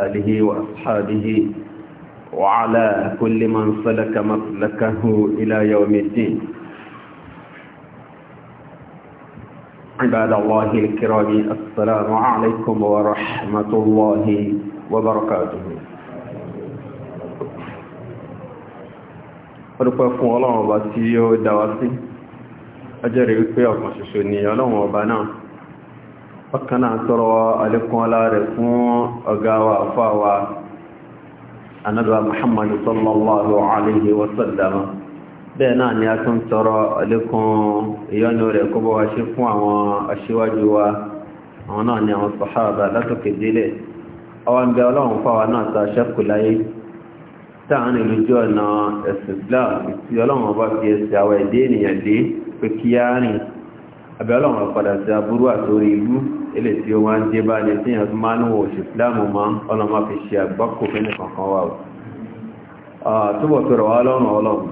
آله وأصحابه وعلى كل من سلك مسلكه إلى يوم الدين عباد الله الكرام السلام عليكم ورحمة الله وبركاته ọdúpẹ́ fún ọlọ́run ọba tí ó dáwá sí ọjọ́ rí wípé ọ̀kan ṣoṣo ni ọlọ́run ọba náà bákanáà ń sọ̀rọ̀ alẹ́kùn aláàrẹ̀ fún ọ̀gá wa fáwa anábà muhammad sallallahu alayhi wa sallam bẹ́ẹ̀ náà ni a tún sọ̀rọ̀ alẹ́kùn ìyọ́nú rẹ̀ kó bọ́ wa ṣe fún àwọn aṣíwájú wa àwọn náà ni àwọn sàhábà látòkè délẹ̀ ọwọ́ ń bẹ ọlọ́run fáwa náà ta ṣẹ́kù láyé táàrin lójú ọ̀nà ẹ̀sìn islam tí ọlọ́run fi ẹsẹ̀ àwọn ẹ̀dẹ́ ènìyàn dé pé kíyárìn abẹ́ ọlọ́run ọ̀padà sí aburú àtórí ìlú ilé tí ó máa ń dé bá ní tí yàn tó máa ń wò sí ìsìláàmù máa ọ̀nà máa fi ṣe àgbákò fẹ́ni kankan wà túbọ̀ tó rọ̀ wá lọ́rùn ọlọ́run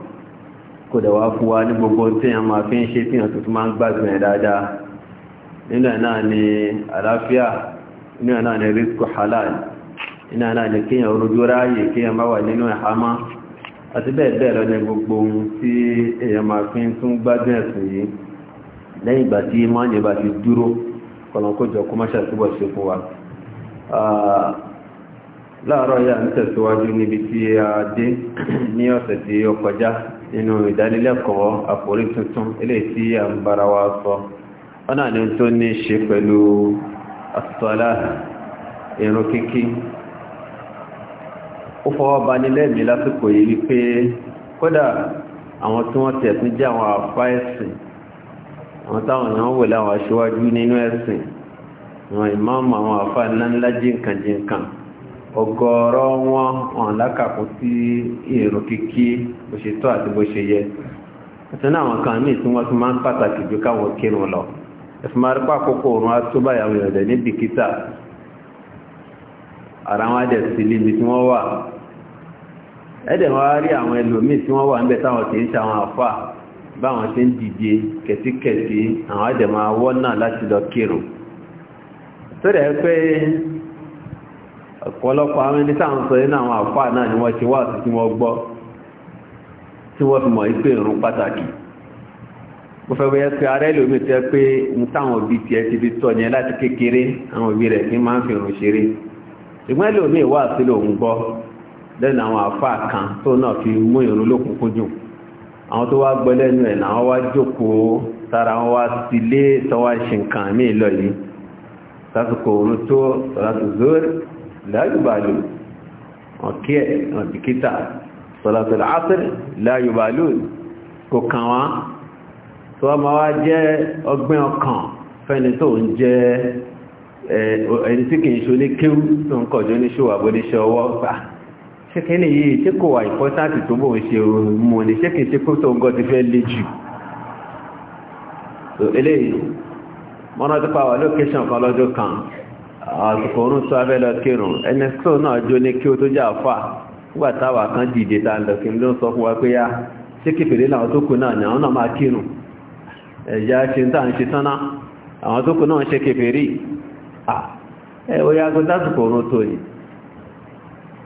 kò dẹ̀ wá fún wa ní gbogbo tí yàn máa fi ń ṣe tí yàn tó máa ń gbàgbé ẹ̀ dáadáa nínú ẹ̀ náà ni àlàáfíà nínú ẹ̀ lẹ́yìn ìgbà tí mọ́ọ̀nì bá ti dúró kọlọ̀kójọ kó máṣà túbọ̀ ṣe fún wa láàárọ̀ yà ń tẹ̀síwájú níbi tí a dé ní ọ̀sẹ̀ tí ó kọjá nínú ìdánilẹ́kọ̀ọ́ àforí tuntun ilé tí a ń bára wa sọ ọ́nà ni tó ní ṣe pẹ̀lú àtọ́lá ìrun kíkí ó fọwọ́ bá ní lẹ́mí lásìkò yìí wípé kódà àwọn tí wọ́n tẹ̀sùn jẹ́ àwọn àfáẹ́sìn àwọn táwọn èèyàn wò láwọn aṣíwájú nínú ẹ̀sìn àwọn ìmáàmù àwọn àfà ńláńlá jíǹkanjíǹkan ọ̀gọ̀ọ̀rọ̀ wọn wọn lákàkún sí èrò kíkí bó ṣe tó àti bó ṣe yẹ àti náà àwọn kan míì tí wọ́n tún máa ń pàtàkì ju káwọn kírun lọ ẹ̀sùn máa rí pàkókò òrùn atóbáyàwó ìrọ̀lẹ́ níbi kíta ara wọn dẹ̀ sí níbi tí wọ́n wà ẹ̀dẹ̀ wọn rí àwọn ẹlòmíì tí wọ́n wà ń táwọn kì í ṣe àwọn àfà báwọn ṣe ń dìde kẹtíkẹtí àwọn àjẹmọ́ awọ́ náà láti lọ kírun tó rẹ̀ pé ọ̀pọ̀lọpọ̀ àwọn ẹni táwọn sọ nínú àwọn àfáà náà ni wọ́n ti wá àti tí wọ́n gbọ́ tí wọ́n fi mọ̀ ìpè ìrun pàtàkì mo fẹ́ bóyá pé ara ẹlòmíì tẹ́ pé ń táwọn òbí tiẹ̀ ti fi tọ́ yẹn láti kékeré àwọn àfáà kan tó náà fi mú ìrun lókùnkún jù àwọn tó wá gbọ́lẹ́nu ẹ̀ náà wá jókòó sára wọn wá sílé tọwá ṣe nǹkan mí lọ yìí sásìkò oòrùn tó sọ́látù zóòrì láyùbálù ọ̀kẹ́ ọ̀dìkítà sọ́látù láásìrì láyùbálù kò kàn wá tó wá máa wá jẹ́ ọgbẹ́ ọkàn fẹ́ni tó ń jẹ́ ẹni tí kìí ṣe ṣé kí ni yìí ṣé kò wà ìpọ́sáàtì tó bò ń ṣe mọ̀ ní ṣé kì í ṣe kó tó ń gọ́ ti fẹ́ lé jù eléyìí mọ́nà tó pàwà lókèṣàn kan lọ́jọ́ kan àsìkò orún tó abẹ́ lọ kírùn ẹni tó náà jó ní kí ó tó jà fà nígbà táwà kan dìde tá lọ kí n ló ń sọ fún wa pé yá ṣé kìfèrè náà tó kù náà ni àwọn náà máa kírùn ẹ̀yà ṣe ń tàn ṣe tánná àwọn tó kù náà ṣe kìfèrè ẹ̀ ó yá gbọ́dásìkò orún tó yìí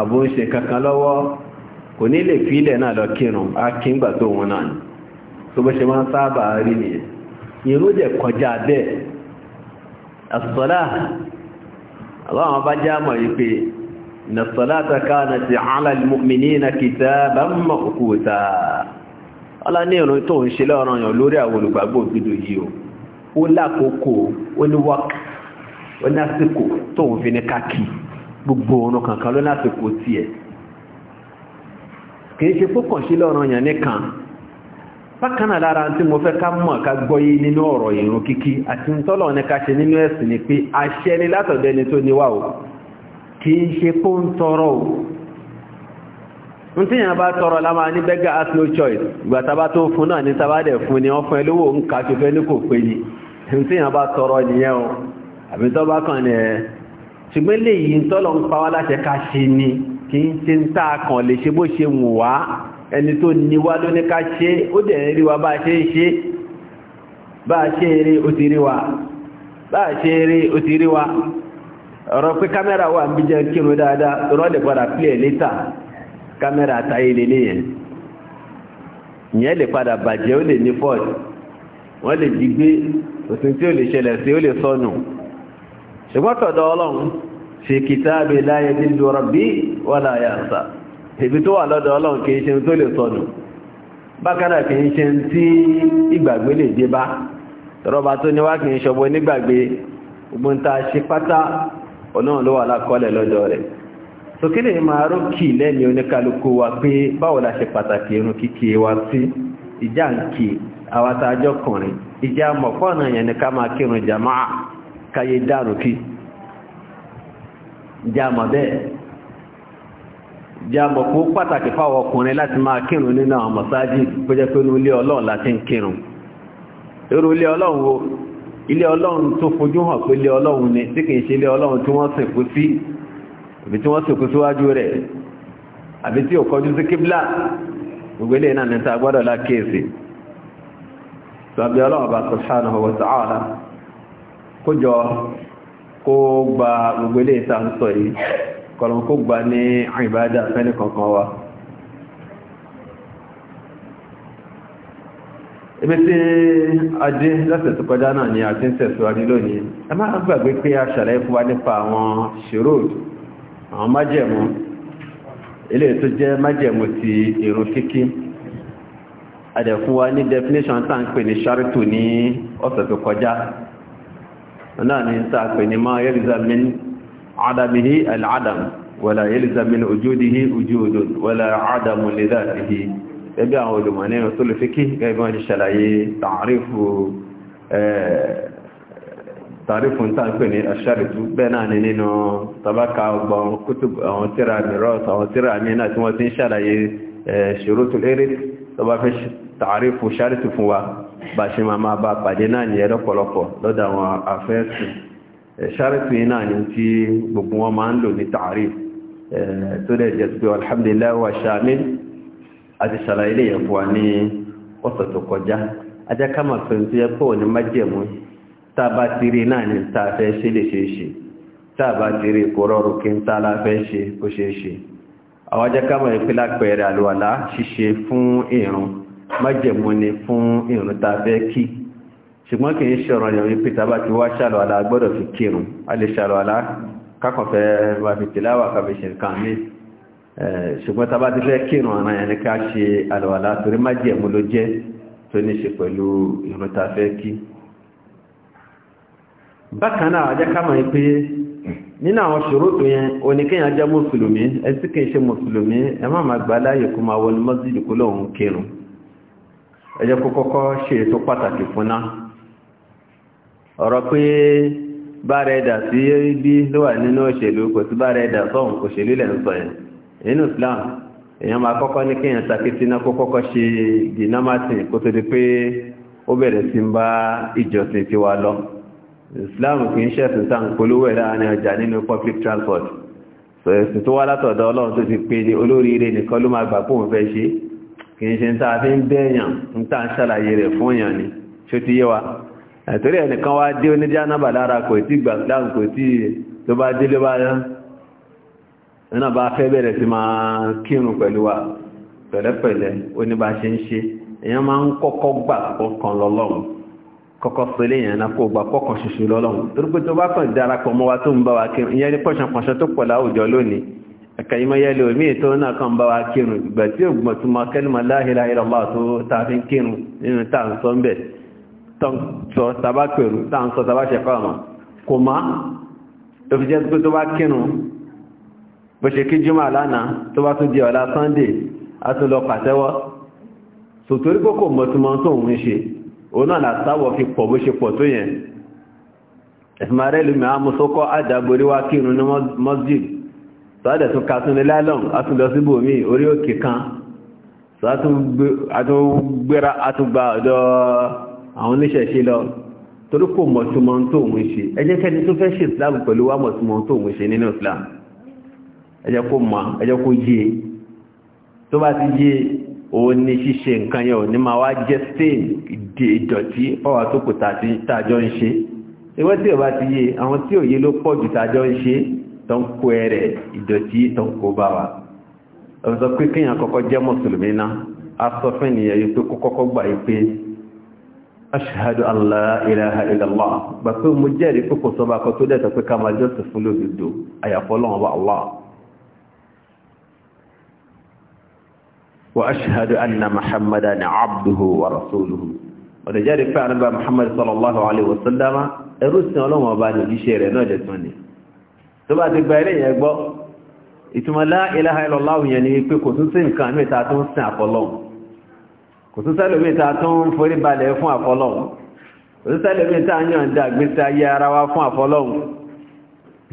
àbò ń ṣe kankan lọ́wọ́ kò ní lè fi ilẹ̀ náà lọ kírun á kí ń gbà tó wọn náà ni tó bó ṣe máa ń sábà rí nìyẹn irú dẹ̀ kọjá bẹ́ẹ̀ na sọ̀láta káàna ti alàlmùmìnì na kìtà bá mọ̀ òkúta ọlá ní ìrùn tó ń ṣe lọ́rọ̀ yàn lórí àwọn olùgbàgbò òdúdó yìí o ó lákòókò ó ní ó ní àsìkò tó ń fi ní káàkiri gbogbo ọ̀nà kankan ló láti kò tí ẹ̀ kìí ṣe fókàn sí lọ́rọ̀ yàn nìkan bákanà lára tí mo fẹ́ ká mọ̀ ká gbọ́yé nínú ọ̀rọ̀ ìrun kíkí àti tọ́lọ̀ ní ká ṣe nínú ẹ̀sìn ni pé àṣẹ ni látọ̀dẹni tó níwà o kìí ṣe kó ń tọrọ o ń tí yàn bá tọrọ lámà ní beggar has no choice ìgbà tàbá tó fún náà ní tàbá dẹ̀ fún ni wọ́n fún ẹlówó ń ká ṣe fẹ́ ní kò pé ni ń tí yàn bá tọrọ nìyẹn o àbí tọ́ bá kàn ní ẹ̀ ṣùgbọ́n lè yìí ń tọ́lọ ń pa wá láṣẹ ká ṣe ni kì í ṣe ń tàà kàn lè ṣe bó ṣe wù wá ẹni tó ní wá ló ní ká ṣe ó dẹ̀ rí wa bá ṣe ń ṣe bá ṣe rí ó ti rí wa bá ṣe rí ó ti rí wa ọ̀rọ̀ pé kámẹ́rà wà ń bí jẹ́ kírun dáadáa rọ́ lè padà play later kámẹ́rà àtàyè lélẹ̀ yẹn lè padà bàjẹ́ ó lè ní fọ́ọ̀t wọ́n lè jí gbé òsìn tí ó lè ṣẹlẹ̀ sí ó lè sọnù ṣùgbọ́n tọ̀dọ̀ ọlọ́run fi kita láyé nílùú rọ̀bí wọ́n láyé àṣà ibi tó wà lọ́dọ̀ ọlọ́run kìí ṣe tó lè sọnù bákan kìí ṣe tí ìgbàgbé lè dé bá tọrọba tó níwá kìí ṣọ̀bọ nígbàgbé ogun ṣe pátá ọlọ́run ló wà wa wa káyé dàrú kí jáàmà bẹ́ẹ̀ jáàmà kó pàtàkì fáwọn ọkùnrin láti máa kírun nínú àwọn mọ̀sáájì kó jẹ́ pé ilé ọlọ́run láti ń kírun irú ilé ọlọ́run wo ilé ọlọ́run tó fojú hàn pé ilé ọlọ́run ni tí kìí ṣe ilé ọlọ́run tí wọ́n sìnkú sí sí kójọ kó gba gbogbo ilé ìta ń sọ yìí kọlọ̀n kó gba ní ìbádà fẹ́ni kankan wa ibi tí adé lọ́sẹ̀ tó kọjá náà ni àti ń tẹ̀síwájú lónìí ẹ máa ń gbàgbé pé a ṣàlàyé fún wa nípa àwọn ṣòro àwọn májẹ̀mú ilé tó jẹ́ májẹ̀mú ti èrò kíkí adẹ̀fún wa ní definition tá ń pè ní ṣáàrùtù ní ọ̀sẹ̀ tó kọjá náà ni ta pè ní máa yẹ́lìzà min adamihi al'adam wàlá yẹ́lìzà min ojúdihi ojúodò wàlá adamu lè dáàtìhì ẹgbẹ́ àwọn olùmọ̀ ní ọ̀tọ́lù fíkí gẹ́gbọ́n ti ṣàlàyé tàrífù ń tàbí ní aṣáàrìtú bẹ́ẹ̀ náà ni nínú tàbákà ọgbọ̀n kútùbù àwọn tíra fún wa bá ṣe máa máa bá pàdé náà ní ẹ̀rọ pọ̀lọpọ̀ lọ́dọ̀ àwọn afẹ́ẹ̀sì ṣáàrìtì náà ni tí gbogbo wọn máa ń lò ní tààrí tó dẹ̀ jẹ́ pé alhamdulillah wa ṣàmín àti ṣàlàyé lè yẹ̀fọ́ wa ní ọ̀sẹ̀ tó kọjá ajá ká máa fẹ́ tó yẹ ni tá a fẹ́ ṣe lè ṣe é ṣe tá a bá ti fún ìrun májẹ̀mú ni fún ìrun tá fẹ́ kí ṣùgbọ́n kì í ṣọ̀rọ̀ yàn wípé tàbá ti wá ṣàlọ̀ àlá gbọ́dọ̀ fi kírun a lè ṣàlọ̀ àlá kákànfẹ́ wà fi tìláwà kàfẹ́ ṣe nǹkan mi ṣùgbọ́n ni ká ṣe àlọ̀ àlá torí májẹ̀mú ló jẹ́ tó ní ṣe pẹ̀lú ìrun tá fẹ́ kí bákan náà ajá ká máa pé nínú àwọn ṣòrótò yẹn oníkéyàn jẹ́ mùsùlùmí ẹ ṣe mùsùlùmí ẹ má máa gbà láàyè kó máa wọnú mọ́sídìí ẹ jẹ́ kó kọ́kọ́ ṣe ètò pàtàkì fúnná ọ̀rọ̀ pé bára ẹ̀dà sí bí ló wà nínú òṣèlú kò sí bára ẹ̀dà sọ́hùn òṣèlú lẹ̀ ń sọ yẹn nínú Islam èèyàn máa kọ́kọ́ ní kéèyàn takétí náà kó kọ́kọ́ ṣe gìnámàtìn kó tó di pé ó bẹ̀rẹ̀ sí ń bá ìjọsìn ti wa lọ Islam kì í ṣẹ̀sìn sáà ń polówó ẹ̀ láàrin ọjà nínú public transport sọ̀rọ̀ ẹ̀sìn tó wá látọ̀dọ̀ Ọlọ́run tó ti pé olóríire nìkan ló máa gbà fóun fẹ́ ṣe kìí ṣe tá a fi ń bẹ́ẹ̀yàn ń tá a ṣàlàyé rẹ̀ fún èèyàn ni ṣó ti yé wa ẹ̀tọ́rí ẹnìkan wá dé oníjá náà bà lára kò tí gbà láàrù kò tí tó bá dé ló bá yán iná bá fẹ́ bẹ̀rẹ̀ sí máa kírun pẹ̀lú wa pẹ̀lẹ́pẹ̀lẹ́ oníbà ṣe ń ṣe èèyàn máa ń àkàyímọ́ yẹ́lẹ̀ omi ètò náà kan bá wa kírun ìgbà tí ó gbọ̀n túnmọ́ kẹ́lùmọ́ láhìlá ìrọ̀lá tó tàbí kírun nínú tàǹsọ́ ń bẹ̀ tọ́ǹsọ́ tàbá pẹ̀rù tàǹsọ́ tàbá ṣẹ̀kọ́ àmà kò má tó fi jẹ́ pé tó bá kírun bó ṣe kí jùmọ̀ lánàá tó bá tún di ọ̀la sunday a tún lọ pàtẹ́wọ́ sòtórí kó kò mọ̀ túnmọ́ tó ń ṣe òun náà làtàwọ̀ fi pọ̀ bó ṣe pọ̀ tó yẹn ẹ̀fùmárẹ́lùmí àmúsókọ́ àdàborí wá kírun ní mọ́sídìí sọ́dẹ̀ tún kàtúnlé lálọ́m àtúnlọ síbò mí orí òkè kan àtúngbéra àtúngbà ọ̀dọ̀ àwọn oníṣẹ̀ṣe lọ torí kò mọ̀túnmọ̀ tó òun ṣe ẹjẹ́ kẹni tó fẹ́ ṣe islam pẹ̀lú wá mọ̀túnmọ̀ tó òun ṣe nínú islam ẹjẹ́ kó mọ̀ ẹjẹ́ kó yé tó bá ti yé òun ní ṣíṣe nǹkan yẹn ò ní máa wá tó ń kó ẹrẹ̀ ìdọ̀tí tó ń kó bá wa ọ̀sọ̀ pé kíyàn kọ́kọ́ jẹ́ mùsùlùmí náà a sọ fún ènìyàn yìí pé kọ́kọ́ gbà yìí pé aṣíhádù aláìláha ìlàlá gbà pé mo jẹ́rìí tó bá ti gba ilé yẹn gbọ́ ìtumọ̀ la ilaha yẹn ni pé kò tún sí nǹkan mẹ́ta tó ń sin àfọlọ́hun kò tún sẹ́lẹ̀ mẹ́ta tó ń forí balẹ̀ fún àfọlọ́hun kò tún sẹ́lẹ̀ mẹ́ta yàn dá gbèsè ayé ara wa fún àfọlọ́hun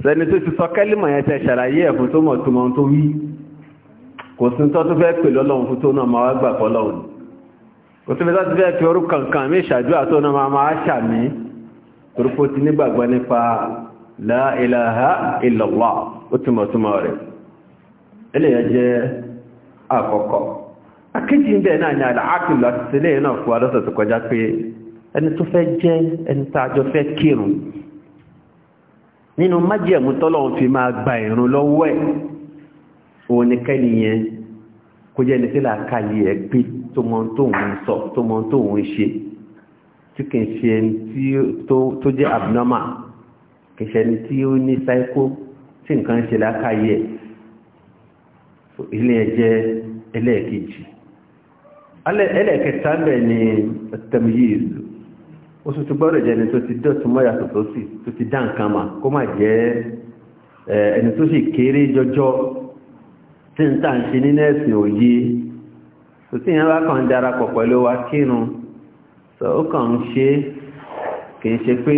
sẹ́ni tó ti sọ kẹ́límọ̀ yẹn tẹ ṣàlàyé ẹ̀ fún tó mọ̀ tó mọ̀ tó wí kò sí tọ́ tó fẹ́ pè lọ́lọ́run la ilaha illallah otumo otumo re ele je akoko akiji nde na na da akil la sile na ku ala so ko ja pe en tu fe je en ta jo fe kiru ninu majie mu tolo fi ma gba irun lowo e o ni kani ye ko je ni sila kali e pe to mo to mo so to mo to won se ti se ti to je abnormal kìsẹ́ni tí ó ní sáíkó tí nǹkan ṣe lákàyè ilé ẹjẹ́ ẹlẹ́ẹ̀kejì ẹlẹ́ẹ̀kẹta mẹ́ ni tamiyiz ó sì tún gbọ́dọ̀ jẹ́ ẹni tó ti dọ̀tún mọ́ yàtọ̀ tó sì tó ti dá nǹkan mà kó má jẹ́ ẹni tó sì kéré jọjọ tí ń tà ń ṣe nínú ẹ̀sìn òye tó sì yẹn bá kàn darapọ̀ pẹ̀lú wa kírun ó kàn ń ṣe kì í ṣe pé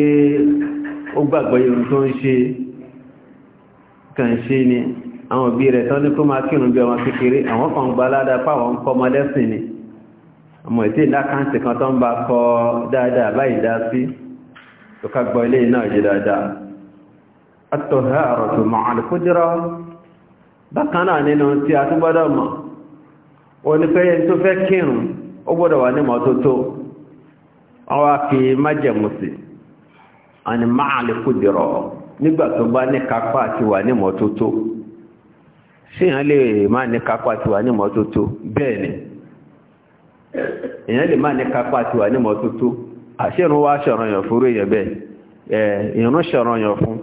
ó gbàgbọ́ irun tó ń ṣe kàn ṣe ni àwọn òbí rẹ̀ tán ní kó máa kírun bí ọmọ kékeré àwọn kan gba aládá fáwọn kọ́ ọmọ lẹ́sìn ni ọmọ ètè lákàntì kan tó ń bá kọ dáadáa báyìí dá sí tó ilé náà jẹ dáadáa at-taharatu mọ̀ ani máa lè nígbà tó bá ní kápá àti wà ní mọ́tótó sí ìyàn lè máa ní kápá àti wà ní mọ́tótó bẹ́ẹ̀ ni ìyàn lè máa ní kápá àti wà ní mọ́tótó àṣírun wá ṣọ̀ranyàn fúrú èèyàn bẹ́ẹ̀ ìrún ṣọ̀ranyàn fún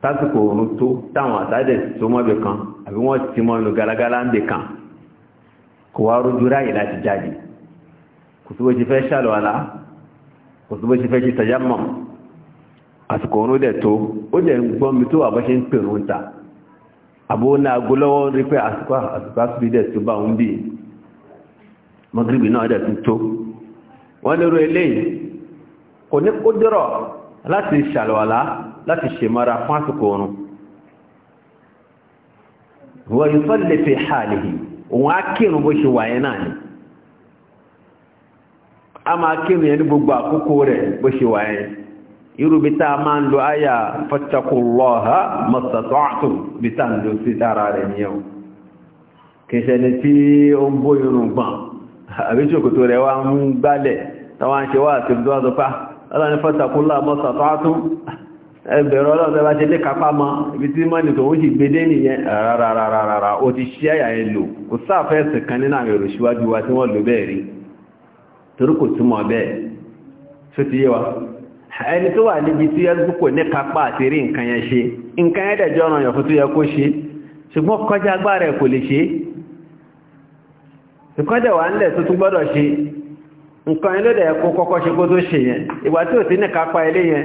tásìkò òun tó táwọn àtàdẹ̀ tó mọ́bì kan àbí wọ́n ti mọ́ inú galagala ń bè kan kò wá rójú ráyè láti jáde kò sí bó ṣe fẹ́ ṣàlùwàlá kò sí bó ṣe fẹ́ ṣe tayammum àsìkò òun dẹ̀ tó ó dẹ̀ ń gbọ́n mi tó àbọ́ṣe ń pè òun ta àbó ní aago lọ́wọ́ rí pé àsìkò àsìkò àsìkò dẹ̀ tó bá òun bì mọ́gìrìbì náà dẹ̀ tó wọ́n lérò eléyìí kò ní kó dọ̀rọ̀ láti ṣàlùwàlá láti ṣe mara fún àsìkò oorun wọ́n yóò sọ́lẹ̀ fi hàlìhì òun á kírun bó ṣe wáyé náà ni a máa kírun yẹn ní gbogbo àkókò rẹ̀ bó ṣe wáyé irú bí tá a máa ń lo àyà fattaqullaha mastata'tum bí tá ń lo sí dára rẹ̀ nìyẹn kì í tí ó ń bó irun gbọ̀n àbí ṣòkòtò rẹ̀ wá ń gbálẹ̀ táwọn ṣe wá àti ìdúrà tó pa ọlọ́ni ebe ọlọ́run ṣe lé kápá ma, ibi tí mọ́ni tó ń sì gbédé nìyẹn rárárárá o ti ṣí àyà ẹ lò kò sáfẹ́ẹ̀sì kan nínú àwọn èrò síwájú wa tí wọ́n lò bẹ́ẹ̀ rí bẹ́ẹ̀ tó ti yé wa ẹni tó wà níbi tí ní kápá àti rí nǹkan yẹn ṣe nǹkan yẹn ṣe yẹn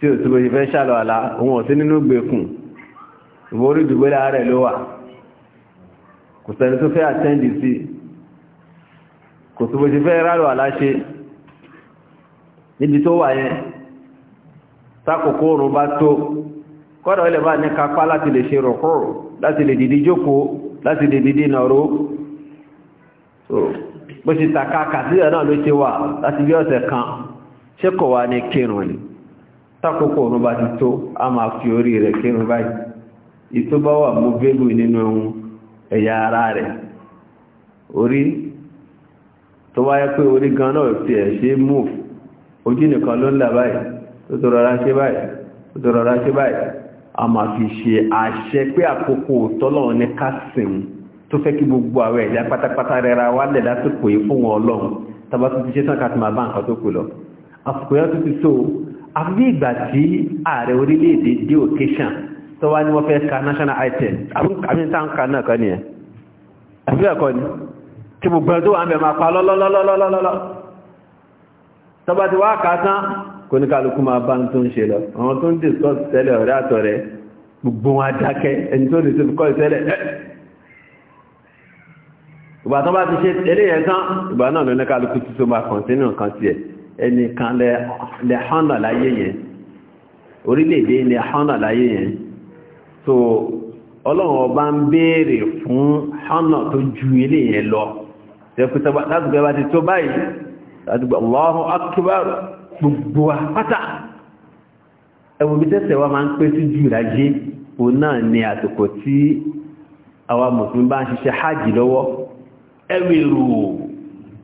tí ò túbọ̀ ìfẹ́ ṣàlọ̀ àlá òun ọ̀sí nínú gbẹ̀kùn ìwọ́rí ìdúgbé láàárẹ̀ ló wà kò sẹ́ni tó fẹ́ àtẹ́ndì sí kò túbọ̀ ti fẹ́ rálọ̀ àlá ṣe níbi tó wà yẹn sákòókò oòrùn bá tó kọ́dọ̀ ilẹ̀ bá ní kápá láti lè ṣe rọ̀kọ́rọ̀ láti lè dìdí jókòó láti lè dìdí ṣe tàkà kàsílẹ̀ náà ni tákòkò ọ̀run bá ti tó a máa fi orí rẹ̀ kírun báyìí ìtó bá wà mú bébù nínú ẹ̀yà ara rẹ̀ orí tó wáyé pé orí gan náà ti ẹ̀ ṣe mú ojú nìkan ló ń là báyìí tó tó rọra ṣe báyìí tó tó rọra ṣe báyìí a máa fi ṣe àṣẹ pé àkókò àbí ìgbà tí ààrẹ orílẹ̀-èdè dé occasion tó wá ní wọ́n fẹ́ ka national item àbíntà ń ka náà kan ní ẹ̀ àbí ẹ̀kọ́ ni tí gbogbo ẹ̀ tó wà ń bẹ̀ máa pa lọ́lọ́lọ́lọ́lọ́lọ́ tọba ti wá kà tán kò ní kálukú máa bá ń tó ń ṣe lọ àwọn tó ń discuss tẹ́lẹ̀ ọ̀rẹ́ àtọ̀rẹ́ gbogbo wọn adákẹ́ ẹni tó lè tó fi kọ́ ìtẹ́lẹ̀ ìgbà tán bá ti ṣe eléyẹn tán ìgbà ẹnìkan lẹ hànà láyé yẹn orílẹ̀-èdè lẹ hànà láyé yẹn so ọlọ́wọ́ bá ń bèèrè fún hànà tó ju ilé yẹn lọ látùgbẹ́ bá ti tó báyìí látùgbẹ́ Allahu akbar gbogbo ẹwọ̀n bí tẹ́sẹ̀ máa ń pẹ́ sí jù ìrájé náà ni àtòkò tí mùsùlùmí bá ń ṣiṣẹ́ hajj lọ́wọ́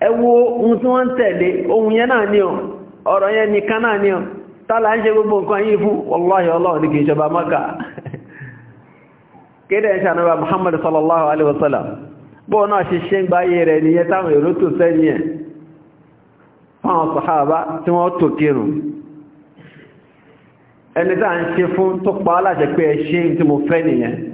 Ewu ohun tí wọ́n ń tẹ̀lé ohun yẹn náà ní ọ ọ̀rọ̀ yẹn nìkan náà ní ọ tààlà ń ṣe gbogbo nǹkan yìí fún wallahi ọlọ́run ní kì í ṣọba mọ́kà kéde ẹ̀ ṣànàbà muhammadu sallallahu alaihi wasallam ṣe ṣe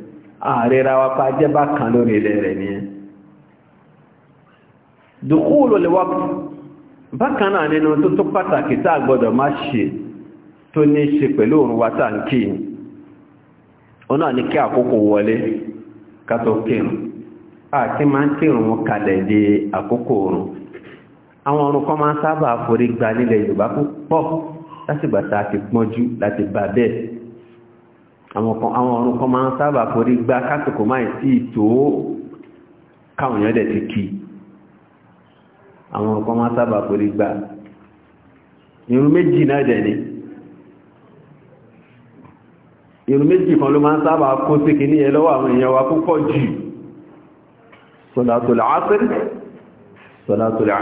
àríra wa pa jẹ́ bá kan lórí ilẹ̀ rẹ̀ ní ẹ́ dùkúlù lèwọ́ bákan náà nínú tó tó pàtàkì tá gbọdọ̀ má ṣe tó ní ṣe pẹ̀lú òun wa tá ń kí o náà ní kí àkókò wọlé kátó kírun àti máa ń kírun kalẹ̀ di àkókò òun àwọn ọrùn kan máa sábà forí gba nílẹ̀ Yorùbá púpọ̀ látìgbà tá a ti pọ́njú láti bà bẹ́ẹ̀ àwọn ọ̀run kan máa ń sábà forí gbá kásìkò máa sí ìtò káwọn èèyàn dẹ̀ ti kí àwọn ọ̀run kan máa sábà forí gbá irun méjì náà dẹ̀ ni irun méjì kan ló máa ń sábà kó sí kí ní ẹ lọ́wọ́ àwọn èèyàn wa púpọ̀ jù sọ̀látòlà ásìrì sọ̀látòlà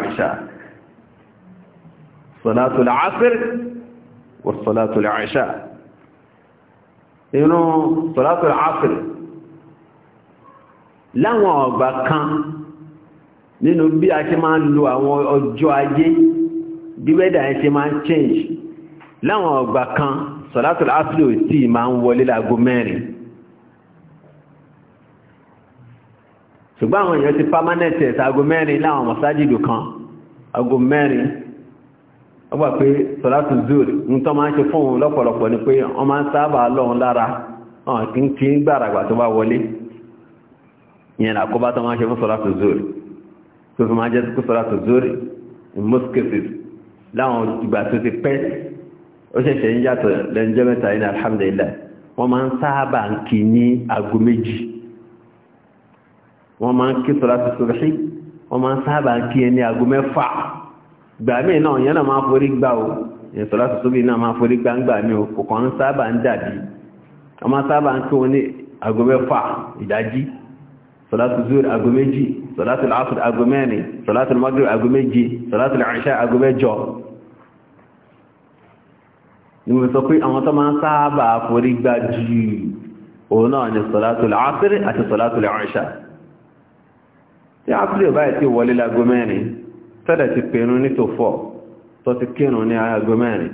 àṣà inú sọ̀látọ̀ áfìrì láwọn ọgbà kan nínú bí a ṣe máa ń lo àwọn ọjọ́ ajé bí wẹ́dà ẹ ṣe máa ń change láwọn ọgbà kan sọ̀látọ̀ áfìrì ò tí máa ń wọlé láago mẹ́rin ṣùgbọ́n àwọn èèyàn ti permanent ẹ̀ sago mẹ́rin láwọn mọ̀sájìdù kan ago mẹ́rin ọgbà pé sọ́látù zuri ń tọ́ máa ń ṣe fún òun lọ́pọ̀lọpọ̀ ni pé wọ́n máa ń sábà lọ́run lára ọ̀n kí ń kí ń gbàràgbà tó bá wọlé ìyẹn là kọ́bá tó máa ń ṣe fún sọ́látù zuri tó fi máa jẹ́ sí sọ́látù zuri in most cases láwọn ìgbà tó ti pẹ́ wọ́n máa ń kí ní aago méjì wọ́n wọ́n máa ń sábà kí ní aago mẹ́fà gbàmí náà yẹn náà máa forí gbà o ìsọ̀lá sọ́sọ́bí náà máa forí gbà ń gbà mí o kò kàn ń sábà ń dàbí ọmọ sábà ń kí wọn ní aago mẹ́fà ìdájí sọ̀látù zuhr aago méjì sọ̀látù asr aago mẹ́rin sọ̀látù maghrib aago méjì sọ̀látù ìṣà aago mẹ́jọ ni mo sọ pé àwọn tó máa sábà forí tọ́dẹ̀ ti pẹ̀rún ní tó fọ́ tó ti kírùn ní aago mẹ́rin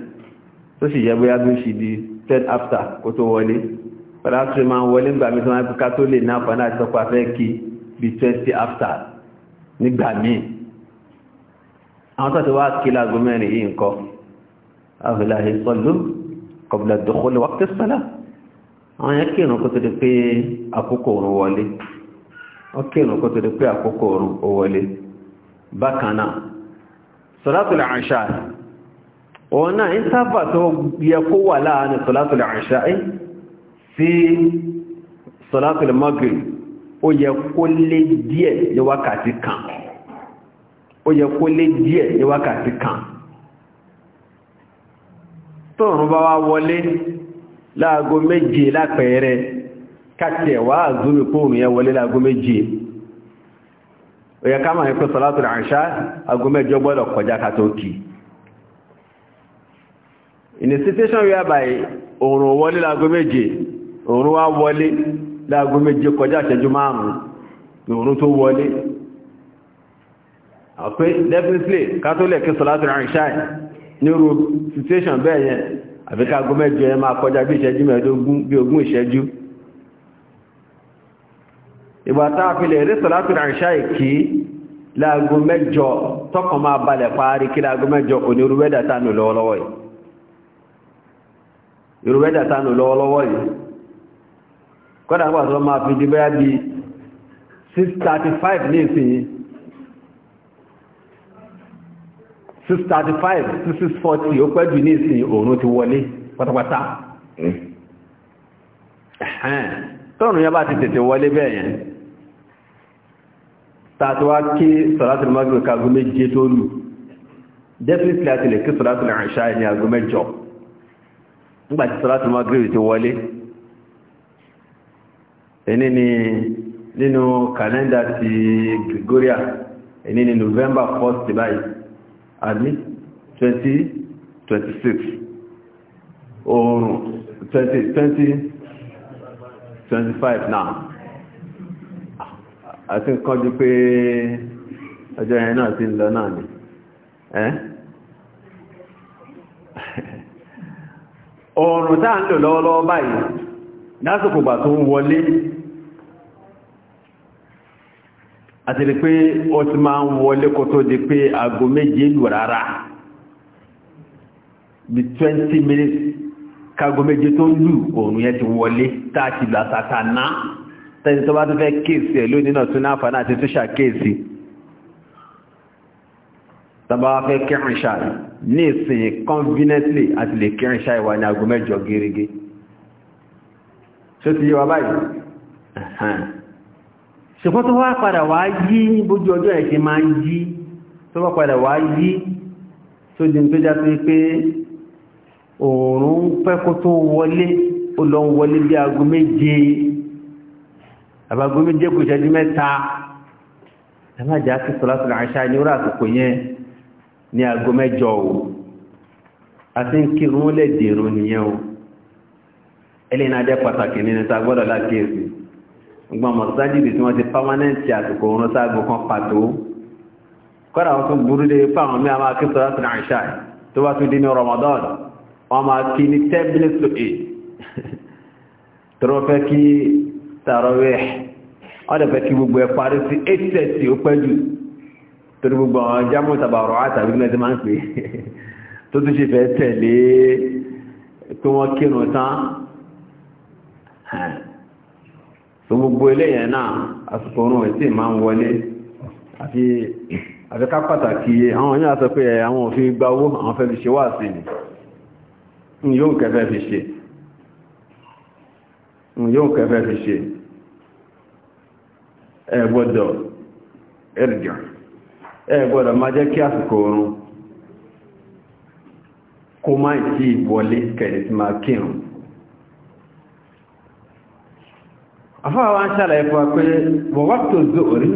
tó sì yẹ bóyá tó ṣì di third after kó tó wọlé pẹ̀lú àti máa ń wọlé nígbà míì tó máa ń ká tó lè náà fọ́nà àti sọpá fẹ́ kí bí twenty after nígbà míì àwọn tó ti wá kí láago mẹ́rin yìí nǹkan àfìláhì sọlú kọ̀bùlà dùkúlù wákìtí sọlá àwọn yẹn kírùn kó tó di pé àkókò òrùn wọlé wọ́n kírùn kó tó di pé àkókò òrùn wọlé bákanáà sọ́látùl àṣà ọ̀nà ìsáfà tó yẹ kó wà láàrin sọ́látùl àṣà eh, sí sọ́látùl maghrib ó yẹ kó lé díẹ̀ ní wákàtí kan ó yẹ kó lé díẹ̀ ní wákàtí kan tóòrùn bá wá wọlé láago méje lápẹẹrẹ káàkiri wá àzúrù fóòrùn yẹ wọlé láago méje òyẹ ká máa ń pẹ́ sọ́látò àṣá aago mẹ́jọ gbọ́dọ̀ kọjá ká tó in a situation whereby òòrùn wọlé láago méje òòrùn wá wọlé láago méje kọjá ìṣẹ́jú márùn-ún òòrùn tó wọlé àpé definitely ká tó lè kí sọ́látò àṣá nírú situation bẹ́ẹ̀ yẹn àbíká aago mẹ́jọ yẹn máa kọjá bí ìṣẹ́jú mẹ́ẹ̀ẹ́dógún bí ogún ìṣẹ́jú ìgbà tá a fi lè rí sọ̀látù ìrìnṣà ìkí láago mẹ́jọ tọ́kàn máa balẹ̀ parí kí láago mẹ́jọ kò ní irúwẹ́dà tánù lọ́wọ́lọ́wọ́ yìí irúwẹ́dà tánù lọ́wọ́lọ́wọ́ yìí kọ́dà pàtó lọ máa fi di bẹ́yà bí 635 ní ìsìn 635 sí 640 ó pẹ́jù ní ìsìn òòrùn ti wọlé hmm. bá ti tètè wọlé bẹ́ẹ̀ tàtíwá kí sọ̀rọ̀tì magrib kagun méje tó lù definitely àti lè kí sọ̀rọ̀tì àṣà ẹni agun mẹ́jọ nígbàtí sọ̀rọ̀tì magrib ti wọlé ẹni ni nínú kàlẹ́ndà ti Gregoria ẹni ni November 1st báyìí àbí 2026 oòrùn 2025 náà àti nǹkan di pé ọjọ́ yẹn náà ti ń lọ náà ni ọ̀rùn tá à ń lò lọ́wọ́lọ́wọ́ báyìí lásìkò tó ń wọlé àti rí pé ó ti máa ń wọlé kò tó di pé aago méje lù rárá bí 20 minutes kágo méje tó ń lù òòrùn yẹn ti wọlé tá ti lọ náà tẹ́ni tó bá tún fẹ́ kéèsì ẹ̀ lónìí náà tún ní àǹfààní àti tún ṣàkéèsì tàbá wá fẹ́ kẹrin ní ìsìn conveniently àti lè kẹrin ṣá ìwà ní aago mẹ́jọ gẹ́gẹ́ ṣé ti yé wa báyìí ṣùgbọ́n tó wá padà wá yí bójú ọjọ́ ẹ̀ ṣe máa ń yí tó wá padà wá àbágún méjì kù ìṣẹ́jú mẹ́ta ẹ má jẹ́ kí sọ́látù àṣà ní orí àsìkò yẹn ní aago mẹ́jọ o àti ń kírun lè dèrò nìyẹn o ẹlẹ́yìn náà jẹ́ pàtàkì nínú ta gbọ́dọ̀ lákèésì gbọ́n mọ̀sájìdì tí wọ́n ti pámánẹ́ǹtì àsìkò Ramadan wọn máa kí ní 10 minutes fẹ́ kí tarawih wọ́n lè fẹ́ kí gbogbo ẹ parí sí 8:30 ó pẹ́jù torí gbogbo àwọn jámù tàbàrọ̀ àtàrí ní ẹ̀dẹ́ máa ń pè tó tún ṣe fẹ́ tẹ̀lé pé wọ́n kírun tán tó gbogbo eléyẹn náà àsìkò orun ẹ̀ sì máa ń wọlé àti àfikà pàtàkì àwọn yóò sọ pé àwọn òfin gba owó àwọn fẹ́ fi ṣe wáàsí ni yóò kẹfẹ́ fi ṣe yóò kẹfẹ́ fi ṣe ẹgbọ́dọ̀ ẹ̀rìjọ ẹgbọ́dọ̀ má jẹ́ kí àsìkò oorun kó má ìtí ìwọlé kẹ̀lẹ̀ tí máa kírùn afọ́wà wá ń ṣàlàyé fún wa pé wọ́wọ́ tó zòrí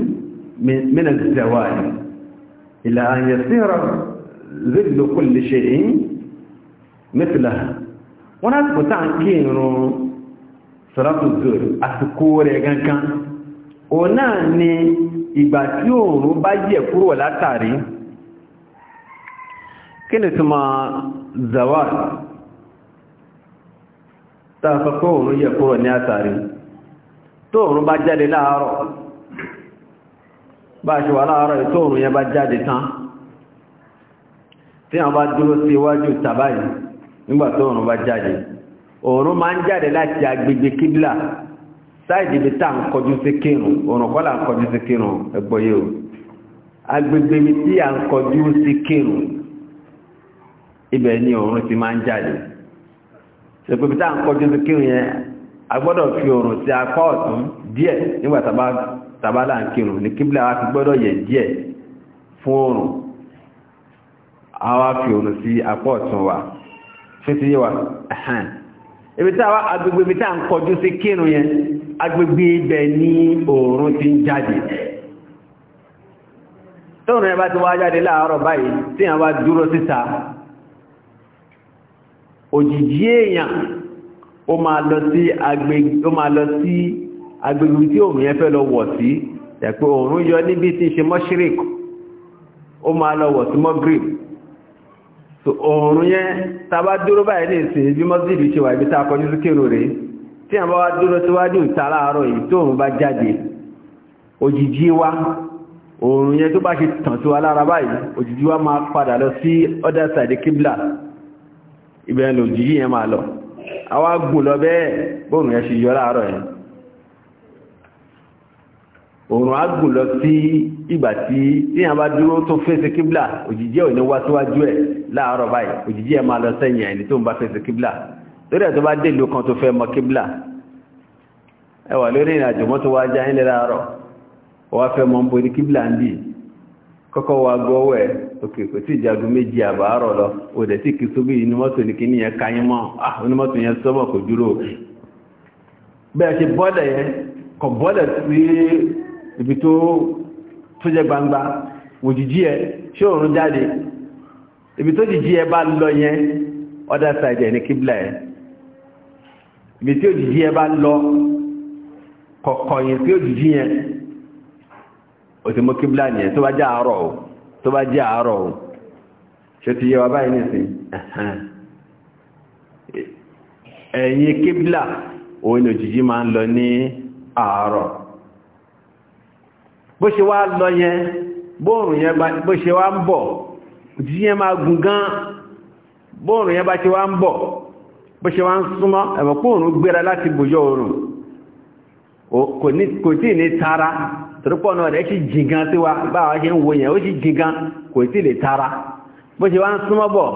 mínà zẹ̀wà yìí ìlà àyẹ̀ sí rọ̀ zílùkú lè ṣe èyí mẹ́tìlá wọ́n láti kò tá kírùn sọ́látù zoro àsìkò rẹ̀ gankan o náà ni ìgbà tí oòrùn bá yẹ̀ kúrò látàrí kí ni tó máa zawar tàfàkọ́ oòrùn yẹ̀ kúrò ní àtàrí tó oòrùn bá jáde láàárọ̀ bá ṣe wà láàárọ̀ tó oòrùn yẹn bá jáde tán tí wọ́n bá dúró sí iwájú tàbáyì nígbà tó oòrùn bá jáde òòrùn máa ń jáde láti agbègbè kíbílà sáìdì ibi tá à ń kọjú sí kírun òòrùn kọ́ là ń kọjú sí kírun ẹgbọ́yé o agbègbè mi tí à ń kọjú sí kírun ibẹ̀ ni òòrùn ti máa ń jáde ṣèpè ibi tá à ń kọjú sí kírun yẹn a gbọ́dọ̀ fi òòrùn sí apá ọ̀tún díẹ̀ nígbà tàbá ń kírun ní kíbílà wa ti gbọ́dọ̀ yẹ díẹ̀ fún òòrùn a wá fi òòrùn sí apá ọ̀tún wa fún ti wa ibi tí àwọn agbègbè ibi tí a ń kọjú sí kírun yẹn agbègbè ibẹ̀ ní oòrùn ti ń jáde tóòrùn yẹn bá ti wá jáde láàárọ̀ báyìí tí a wá dúró síta òjìjí èèyàn ó máa lọ sí agbègbè tí oòrùn yẹn fẹ́ lọ wọ̀ sí ẹ̀pẹ́ oòrùn yọ níbi tí ṣe mọ́ṣíríkù ó máa lọ wọ̀ sí mọ́gírìbù so oòrùn yẹn tàbá dúró báyìí ní ìsìn bí mọ́sílì ṣe wà ibi tá kọjú síkèrò rẹ̀ tí a bá wá dúró síwájú ìta láàárọ̀ yìí tó òun bá jáde òjìjí wá oòrùn yẹn tó bá ṣe tàn sí wa lára báyìí òjìjí wá máa padà lọ sí ọ́dà sàdé kíblà ibẹ̀ lò òjìjí yẹn gùn lọ sí ìgbà tí tí a bá dúró tó fèsì kíblà òjìjí ò wá síwájú ẹ̀ láàárọ̀ báyìí òjìjí ẹ̀ máa lọ sẹ́yìn ẹni tó ń bá fèsì kíblà lórí ẹ̀ tó bá dé ìlú kan tó fẹ́ mọ kíblà ẹ wà lórí ìrìnàjò mọ́tò wá já ilẹ̀ láàárọ̀ wá fẹ́ mọ ń bo ní kíblà ń bì kọ́kọ́ wa gọ́wọ́ òkè kò tí ah inú mọ́tò yẹn sọ́mọ̀ kò dúró bẹ́ẹ̀ ṣe bọ́dẹ̀ yẹn kọ̀ bọ́dẹ̀ sí ibi tó tó jẹ́ òun jáde ibi tó jìjì ẹ bá lọ yẹn ọ̀dà side ẹ̀ ní kíbla ẹ̀ ibi tí òjìjì ẹ bá lọ kọ̀kọ̀ yẹn tí òjìjì yẹn ó ti mọ́ kíbla yẹn tó bá jẹ́ àárọ̀ o tó bá jẹ́ àárọ̀ o ṣe ti wa báyìí nìsín ẹ̀yìn kíbla òun òjìjì máa ń ní àárọ̀ bó ṣe wá lọ yẹn bó ṣe wá ń bọ̀ òtítí yẹn máa gùn gan bóòrùn yẹn bá ti wá ń bọ̀ bó ṣe wá ń súnmọ́ ẹ̀mọ̀kóòrùn gbéra láti bòjọ́ oòrùn kò tí ní tara torípọ̀ náà rẹ̀ ṣì jìngan sí wa báwa ṣe ń wo yẹn ó ṣì jìngan kò tí lè tara bó ṣe wá ń súnmọ́ bọ̀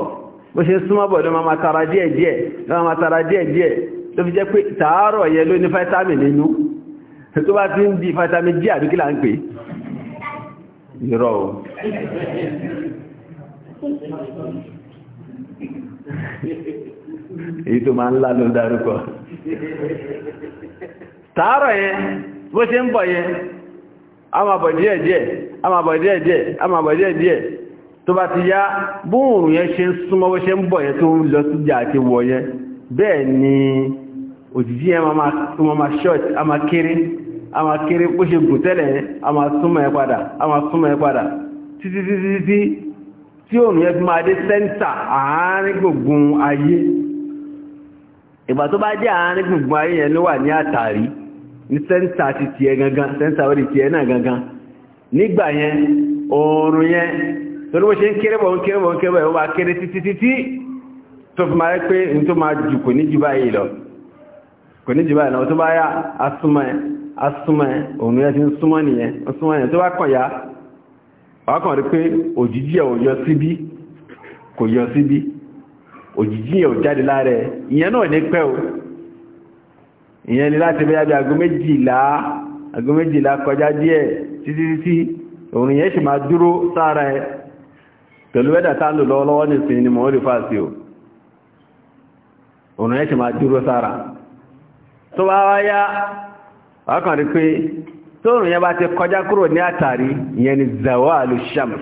bó ṣe súnmọ́ bọ̀ ló máa tara díẹ̀díẹ̀ ló máa tara díẹ̀díẹ̀ ló fi jẹ́ pé tàárọ̀ yẹn ló ní fáítámì nínú tó bá ti ń di fáítámì díẹ̀ àbíkí ń pè é èyí ma nla ń lá ló dárúkọ tààrọ̀ yẹn bó ṣe ń bọ yẹn a máa bọ díẹ̀ díẹ̀ a máa bọ̀ díẹ̀ díẹ̀ a ti yá bóòrùn yẹn ṣe ń súnmọ́ ń bọ̀ yẹn tó ń lọ sí àti bẹ́ẹ̀ ni òjìjí yẹn tí òun yẹn fi máa dé sẹ́ńtà àárín gbùngbùn ayé ìgbà tó bá dé àárín gbùngbùn ayé yẹn ló wà ní àtàrí ní sẹ́ńtà ti tiẹ̀ gangan sẹ́ńtà orí tiẹ̀ náà gangan nígbà yẹn oòrùn yẹn torí wọ́n ṣe ń kéré bọ̀ ń kéré bọ̀ ń kéré bọ̀ ìwọ́n bá kéré títí títí tó fi máa pé n tó máa jù kò ní jù báyìí lọ kò ní jù báyìí lọ tó bá yá asúmọ̀ ẹ̀ asúmọ̀ ẹ̀ òun yẹn ti ń súnmọ́ nìyẹn tó bá kàn yá wákàn rí pé òjìjí ẹ̀ ò síbí kò yọ síbí òjìjí ẹ̀ ò jáde láàrẹ ìyẹn náà ní pẹ́ o ìyẹn ni láti bẹ́yà bí aago méjìlá kọjá díẹ̀ títí títí òrùn yẹn sì máa dúró sára ẹ pẹ̀lú tá ń lò lọ́wọ́lọ́wọ́ ni rí o yẹn máa dúró sára tó bá wáyá rí pé tóòrùn yẹn bá ti kọjá kúrò ní àtàrí yẹn ni zawalu shams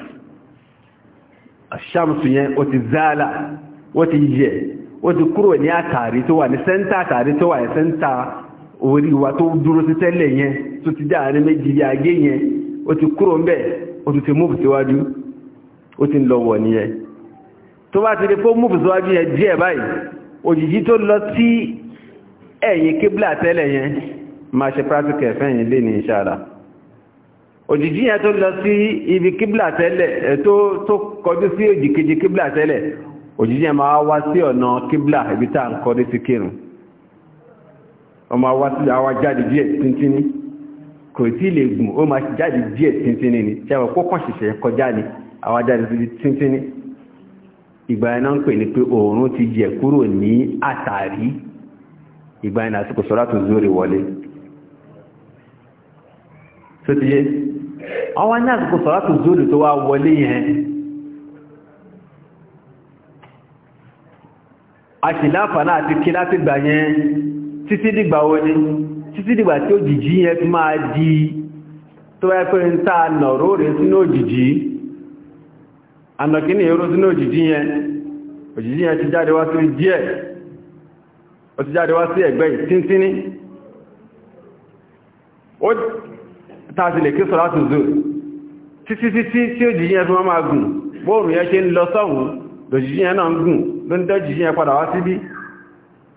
shams yẹn ó ti zala ó ti yẹ ó ti kúrò ní àtàrí tó wà ní sẹ́ńtà àtàrí tó wà ní sẹ́ńtà orí wa tó dúró sí tẹ́lẹ̀ yẹn tó ti dáàrin méjì bí agé yẹn ó ti kúrò ń bẹ̀ ó ti ti múfù síwájú ó ti lọ wọ̀ nìyẹn tó bá ti di fó múfù síwájú yẹn díẹ̀ báyìí òjìjí tó lọ sí ẹ̀yìn kíblà tẹ́lẹ̀ yẹn ma ṣe practical ẹ̀fẹ́yìn lè ní inshallah òjìjí yẹn tó lọ sí ibi kíblà tẹ́lẹ̀ tó kọjú sí òjìkejì kíblà tẹ́lẹ̀ òjìjí yẹn máa wá sí ọ̀nà kíblà ibi tá ń kọrí sí kírun ó máa wá sí àwa jáde díẹ̀ tíntínní kò tí lè gùn ó ni ṣẹ́wọ̀ kó kàn ṣẹ̀ṣẹ̀ kọjá ni àwa jáde sí tíntínní ìgbà yẹn ń pè ní pé òòrùn ti yẹ̀ kúrò ní àtàrí ìgbà yẹn àsìkò sọ́látù zórí wọlé tó ti yé àwọn ní àsìkò sọ̀rọ̀tù zúlù tó wá wọlé yẹn àṣìláfà náà ti kí títí dìgbà wọlé títí dìgbà tí yẹn ti máa di tó wáyé pé ń tàà nọ̀rọ̀ rẹ̀ sínú òjìjì ànàkí ní sínú yẹn yẹn ti tààtìlẹ̀ kí sọ́lá tó zoe títí títí tí ó jìyàn tó máa gùn bóòrùn yẹn ṣe ń lọ sọ́hun lòjìyàn náà ń gùn ló ń dẹ́jìyàn padà wá síbí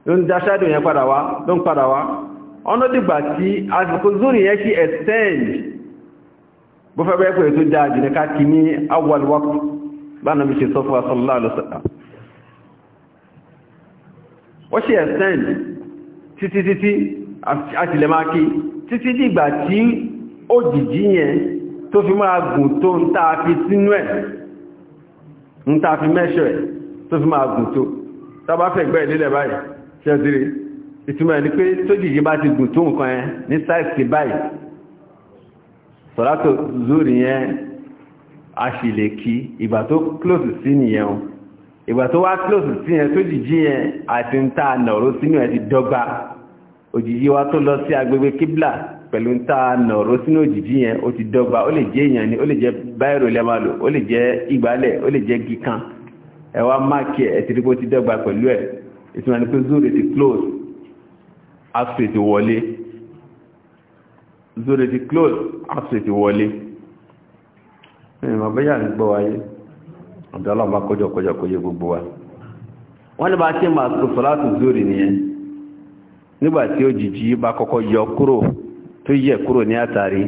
ló ń dáṣádùn yẹn padà wá ló ń padà wá ọ̀nà dìgbà tí àsìkò zoe yẹn kí extend bó fẹ́ bẹ́ẹ̀ pẹ̀lú tó dáa jù ní ká kí ní awalwak lánàá bí ṣe sọ fún asọ́lá lọ́sọ̀tà ó ṣe extend títí títí àtìlẹ̀ máa kí títí dìgbà tí òjìjí yẹn tó fi máa gùn tó ń tàà fi sínú ẹ̀ ń tàà fi mẹ́ṣọ̀ ẹ̀ tó fi máa gùn tó tàbá fẹ̀gbẹ́ ìlélẹ̀ báyìí ṣẹ́dìrí ìtumọ̀ ní pé tójìjí bá ti gùn tó nǹkan ẹ ní sáìsì close sí nìyẹn ìgbà tó close sí yẹn tójìjí yẹn àti ń tàà nàró sínú ẹ̀ ti dọ́gba òjìjí wa tó lọ sí agbègbè kíblà pẹ̀lú ń tà nọ̀rọ̀ sínú òjìjí yẹn ó ti dọ́gba ó lè jẹ́ èèyàn ni ó lè jẹ́ báyìrò lẹ́màlò ó lè jẹ́ ìgbálẹ̀ ó lè jẹ́ gíkan ẹwà máàkì ẹ̀ ti rí bó ti dọ́gba pẹ̀lú ẹ̀ ìtumọ̀ ni pé zoro ti close astre ti wọlé zoro ti close astre ti wọlé ẹ̀yìn bàbá yà ń gbọ́ wáyé ọ̀dọ́ wọ́n ní bá ṣe máa sọ sọ láti nìyẹn nígbà tí òjìjí bá kọ́kọ́ yọ kúrò tó yẹ kúrò ní àtàrí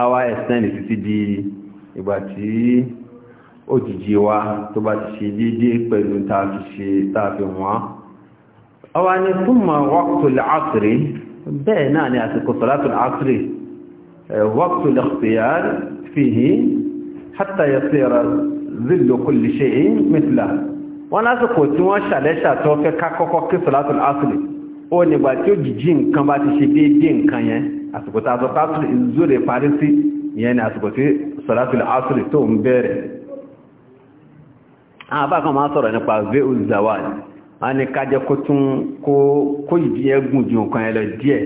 awa ẹ̀sẹ̀ ní títí di ìgbà tí òjìjì wa tó bá ti ṣe dédé pẹ̀lú tààfi ṣe tààfi wọ́n awa ni thumma waqtul asri bẹ́ẹ̀ náà ni àsìkò salatul asri waqtul ikhtiyar fihi hatta yasira zillu kulli shay'in mithla wọ́n lásìkò tí ó nígbà nǹkan bá ti ṣe dédé nǹkan yẹn àsìkò tí àtọ́ sáàtùlì ìzúrè parí sí ìyẹn ni àsìkò tí sọ́látùlì àtùlì tó ń bẹ̀rẹ̀ àbákan máa sọ̀rọ̀ nípa veo zawal a ní kájẹ́ kó tún kó ìdíyẹ́gùn ju nǹkan ẹlọ díẹ̀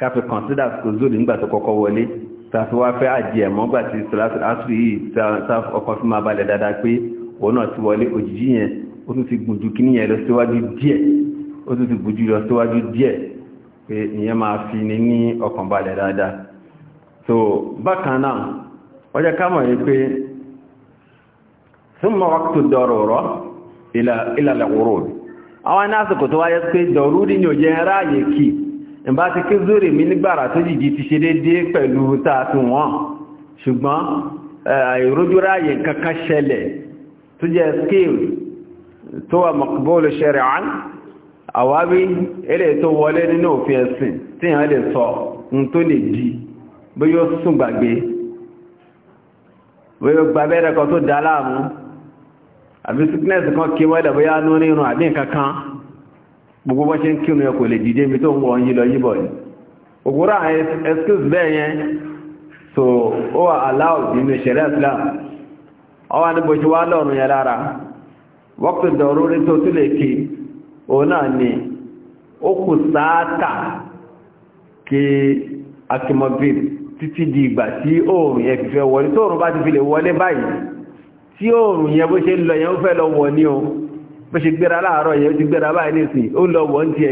káfí consider àsìkò zúrè nígbà tó kọ́kọ́ wọlé tàfi wá fẹ́ àjẹ́ mọ́gbà tí sọ́látùlì àtùlì yìí ọkọ̀ fi máa balẹ̀ dáadáa pé òun náà ti wọlé òjìjì yẹn ó tún ti gùn lọ síwájú díẹ̀ pé ìyẹn máa fi ní ní ọkàn balẹ̀ dáadáa so bákan náà wọ́n jẹ́ ká mọ̀ yí pé súnmọ́ wákàtí dọ̀rọ̀rọ̀ ìlàlẹ̀ òrò àwọn iná àsìkò tó wáyé pé dọ̀rúrí ni ò jẹ́ ráàyè kí ìbá ti kí zúrì mi nígbàrà tó jìjì ti ṣe déédéé pẹ̀lú tààtù wọn ṣùgbọ́n àìrójú ráàyè kankan ṣẹlẹ̀ tó jẹ́ scale tó wà mọ̀kúbọ́ọ̀lù ṣẹ̀rẹ̀ àwáwí eré tó wọlé nínú òfin ẹ̀sìn tí ìyàn lè sọ ohun tó lè di bí yóò sùn gbàgbé bí yóò gbàbẹ́rẹ́ kan tó dá láàmú àbí sickness kan kí wọ́lẹ̀ bóyá ní onírun àbí nǹkan kan gbogbo bọ́ ṣe ń kírun ẹkò lè dìde mi tó ń wọ́n yí lọ yíbọ̀ ní òkúrò àwọn excuse bẹ́ẹ̀ yẹn so ó wà allowed nínú ṣẹ̀rẹ́ Islam òun náà ni ó kù sáátà kí akimobil títí di ìgbà tí oòrùn yẹn fífẹ́ wọlé tó oòrùn bá ti fi lè wọlé báyìí tí oòrùn yẹn bó ṣe lọ yẹn ó fẹ́ lọ wọ̀ ní o bó ṣe gbéra láàárọ̀ yẹn ó ti gbéra báyìí nìsín ó lọ wọ ti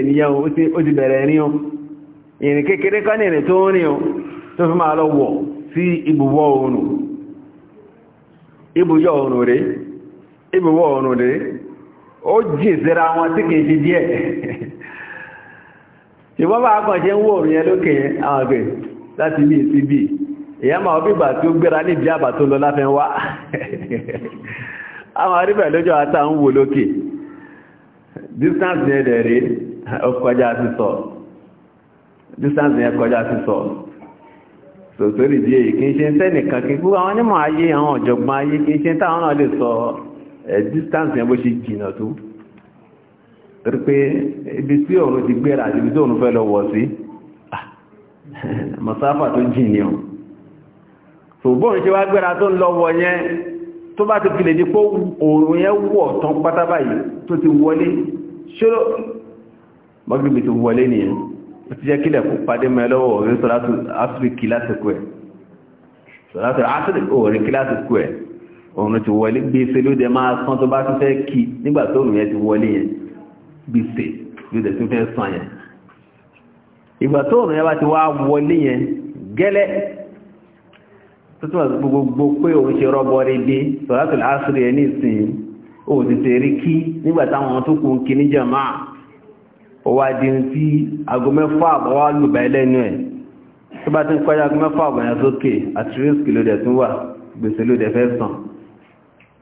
bẹ̀rẹ̀ ó jì síra wọn tí kìí ṣe díẹ̀ ṣùgbọ́n bá kàn ṣe ń wò mí ẹ lókè yẹn àwọn àgbẹ̀ láti ní ìsíbì ìyá máa ó bígbà tí ó gbéra ní ìdí àbà tó lọ láfẹ́ wá àwọn arífẹ̀ lójọ́ àtà ń wò lókè distance yẹn dẹ̀ rí ọkọjá sí sọ distance yẹn kọjá sí sọ sòtórì díẹ̀ kìí ṣe ń tẹ́nìkan kí gbogbo àwọn onímọ̀ ayé àwọn ọ̀jọ̀gbọ́n ayé kìí ṣe ń táwọn náà lè sọ distance yẹn bó ṣe jìnà tó rí pé ibi tí ọ̀run ti gbéra àti ibi tí ọ̀run fẹ́ lọ wọ̀ sí ah, masáfà tó jìnà ṣùgbọ́n ṣe wá gbéra tó ń lọ wọ̀ yẹn tó bá ti fi lè di pé òòrùn yẹn wọ̀ tán pátá báyìí tó ti wọlé ṣọ́rọ̀ mọ́gbìbì tó wọlé nìyẹn ó ti jẹ́ kílẹ̀ kó padé mẹ́ lọ́wọ́ orí sọ́látù áfíríkì lásìkò ẹ̀ sọ́látù áfíríkì orí kílásìkò ẹ̀ òun ti wọlé gbèsè ló dẹ máa san tó bá tún fẹ́ kí nígbà tó òun yẹn ti wọlé yẹn gbèsè ló dẹ tún fẹ́ san yẹn ìgbà tó òun yẹn bá ti wá wọlé yẹn gẹ́lẹ́ tó túnmọ̀ sí gbogbo pé òun ṣe rọ́bọ rédé sọ̀rọ̀tò lásìrì ẹni ìsìn ó ti ṣe rí kí nígbà táwọn tó kún kí ní gbèsè ló dẹ̀ fẹ́ san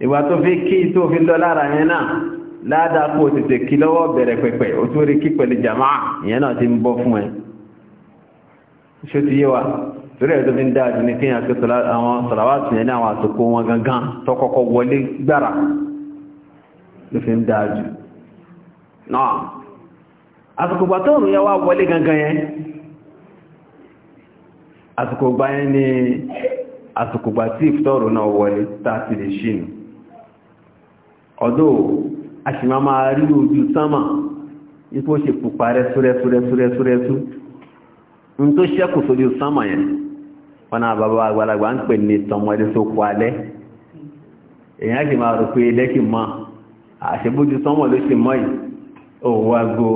ìwà tó fi kí tó fi lọ lára yẹn náà ládàpọ̀ tètè kí lọ́wọ́ bẹ̀rẹ̀ pẹ̀pẹ̀ ó tó rí kí pẹ̀lú jàmáà ìyẹn náà ti ń bọ́ fún ẹ ṣó ti yé wa torí ẹ̀ tó fi ń dá àdúní kí yàn pé àwọn sàlàwàtì yẹn ní àwọn àsìkò wọn gangan tó kọ́kọ́ wọlé gbára ló fi ń dá àdú náà àsìkò gbà tó rùn yẹ wá wọlé gangan yẹn àsìkò gbà yẹn ni àsìkò gbà tí ìfitọ́rù náà wọlé tá a ti lè ṣì nù ọ̀dọ́ àṣìmá máa rí ojú sánmà ipò ṣe pupa rẹ́súrẹ́súrẹ́súrẹ́sú n tó ṣẹ́kù sójú sánmà yẹn wọn náà bàbá àgbàlagbà ń pè ní tọmọdé tó kọ alẹ́ èèyàn kì máa rò pé lẹ́kì mọ́ àṣebójú sánmà ló ṣe mọ́ yìí òwò ago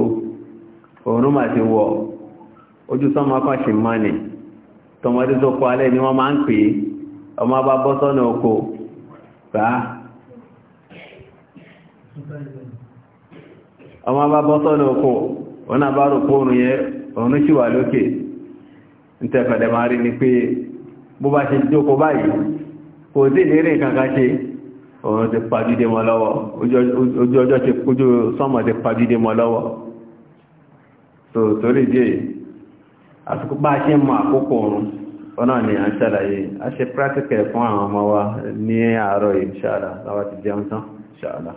ni tọmọdé tó kọ alẹ́ ni wọ́n máa ọmọ bá bọ́ sọ́nà oko ràá ọmọ bá bọ́ sọ́lọ̀ òkú ọ̀nà bá rò fóònù yẹ ọ̀nà sí lókè ń tẹ́fẹ̀dẹ̀ máa rí ni pé bó bá ṣe jókòó báyìí kò sí ìlérí kankan ṣe ọ̀run ti pàdídé mọ́ lọ́wọ́ ojú ọjọ́ ti kójú sọ́mọ̀ ti pàdídé mọ́ lọ́wọ́ mọ a inshallah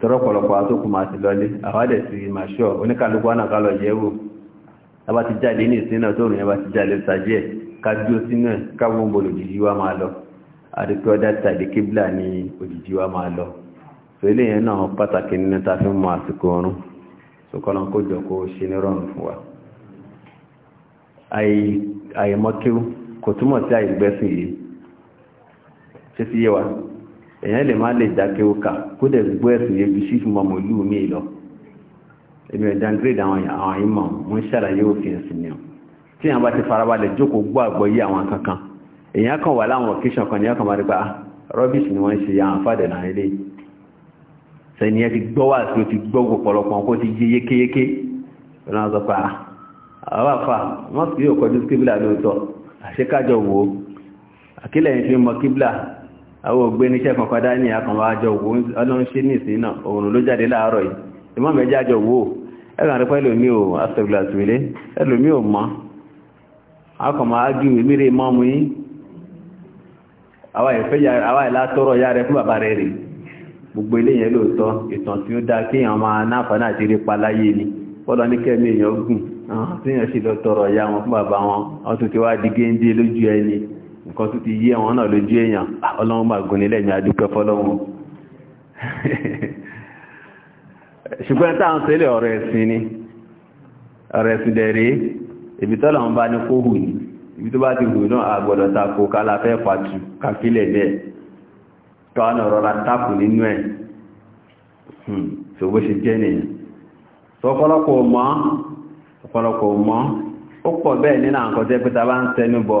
tọ́rọpọ̀lọpọ̀ àtókù máa ti lọlé àwádẹ̀ sí màṣọ́ oníkàlùkù ánàkálọ̀ yẹ̀wò ẹbá ti jáde ní ìsinà tó rìn ẹbá ti jáde sàjẹ́ kájú sínú káwọn bọ̀ lòdìdí wa máa lọ àdìkú ọdá tàbí kíblà ní òdìdí wa máa lọ so ilé yẹn náà pàtàkì nínú ta fi mọ àsìkò ọrún so kọ́lọ́n kó jọ kó ṣe ní rọrùn fún wa àìmọ́kíw kò túmọ̀ sí àìgbẹ́sìn yìí ṣé sí yé wa èèyàn lè má lè dákẹ́ òkà kó dẹ̀ gbọ́ ẹ̀sùn yẹbi sí fún ọmọ ìlú mi lọ èmi ẹ̀ downgrade àwọn àwọn ìmọ̀ mo ń òfin ẹ̀sìn ni ọ tí èèyàn bá ti farabalẹ̀ jókòó gbọ́ àgbọ́yé àwọn kankan èèyàn kan wà láwọn occasion kan ní ọkàn máa nípa ah, rubbish ni wọ́n ń ṣe àwọn fàdé náà ilé sẹ́ni ẹ ti gbọ́ wà sí o ti gbọ́ pọ̀lọpọ̀ kó ti yé yékéyéké ọ̀nà àzọpá ah, àwọn àfà wọ́n sì àwọn ògbé níṣẹ́ kankan dání àkànwà àjọ òwò ọlọ́run ṣe ní ìsìn náà òòrùn ló jáde láàárọ̀ yìí ìmọ̀ mẹ́jọ àjọ òwò ẹ̀rọ àrípẹ́ ẹlòmí ò asọ̀gbìlàtìmílé ẹlòmí ò mọ́ akọ̀mọ̀ ágí ìmírí mọ́mú yí àwà ìlátọ́rọ̀ ya rẹ fún bàbá rẹ̀ rẹ̀ gbogbo eléyìn lóòtọ́ ìtàn tí ó dá kí èèyàn máa náàfàánà àti rí paláyé ni pọ́lọ ní kẹ́mí nǹkan tó ti yí ẹ̀wọ̀n náà lójú èèyàn ah, ọlọ́run máa gùn nílẹ̀ ní adúpẹ́ fọ́lọ́run ṣùgbọ́n ń ọ̀rọ̀ ẹ̀sìn ni ọ̀rọ̀ ẹ̀sìn dẹ̀rẹ́ ibi tọ́lọ̀ ń bá ní kó hù ní ibi tó bá ti hù náà àgbọ̀dọ̀ tako kálafẹ́ pàtù bẹ́ẹ̀ hmm, ó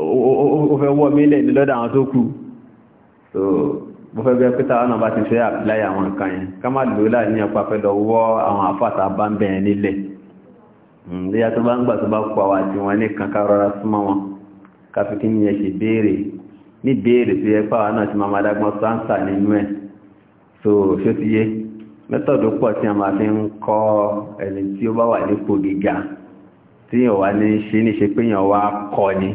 ofe fẹ́ wọ́ mílẹ̀ ní lọ́dọ̀ àwọn tó kú so mo fẹ́ bẹ́ pẹ́ta ọ̀nà bá ti fẹ́ àpìláyà àwọn nǹkan yẹn ká má lò láì ní ọpa fẹ́ lọ wọ́ àwọn àfàtà bá ń bẹ̀rẹ̀ nílẹ̀ léyà hmm, tó bá ń gbà tó bá àti wọn nìkan ká rọra súnmọ́ wọn ká fi kí ẹ ṣe béèrè ní so tí a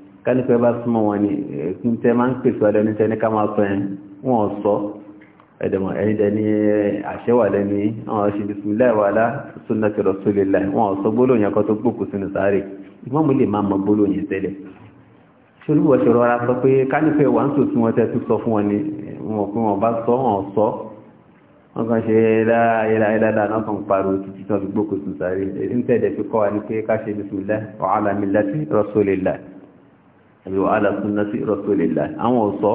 kánípẹ́ bá súnmọ́ wọn ni ẹ̀kún eh, tẹ́ máa ń pèsè ọdẹ ní tẹ́ní ká máa sọ ẹ̀ wọ́n sọ ẹ̀dẹ̀mọ̀ ẹ̀yìndẹ̀ ní eh, àṣẹwàlẹ́ ní àwọn ṣe bismillah wala sunnati rasulillah wọ́n sọ gbólóyìn ẹ̀kọ́ tó gbòkù sínú sáré ìmọ̀mù lè máa mọ gbólóyìn tẹ́lẹ̀ ṣolú wọ́n ṣe rọra sọ pé kánípẹ́ wà ń sò sí wọn tẹ́ ni wọn náà kàn pariwo títí tán fi gbòkù sáré ń tẹ̀lẹ̀ fi kọ́ wa ní pé ká ṣe bismillah wa ala millati rasulillah ẹ̀yọ́ alásùnà sí Rasulillah àwọn òsọ́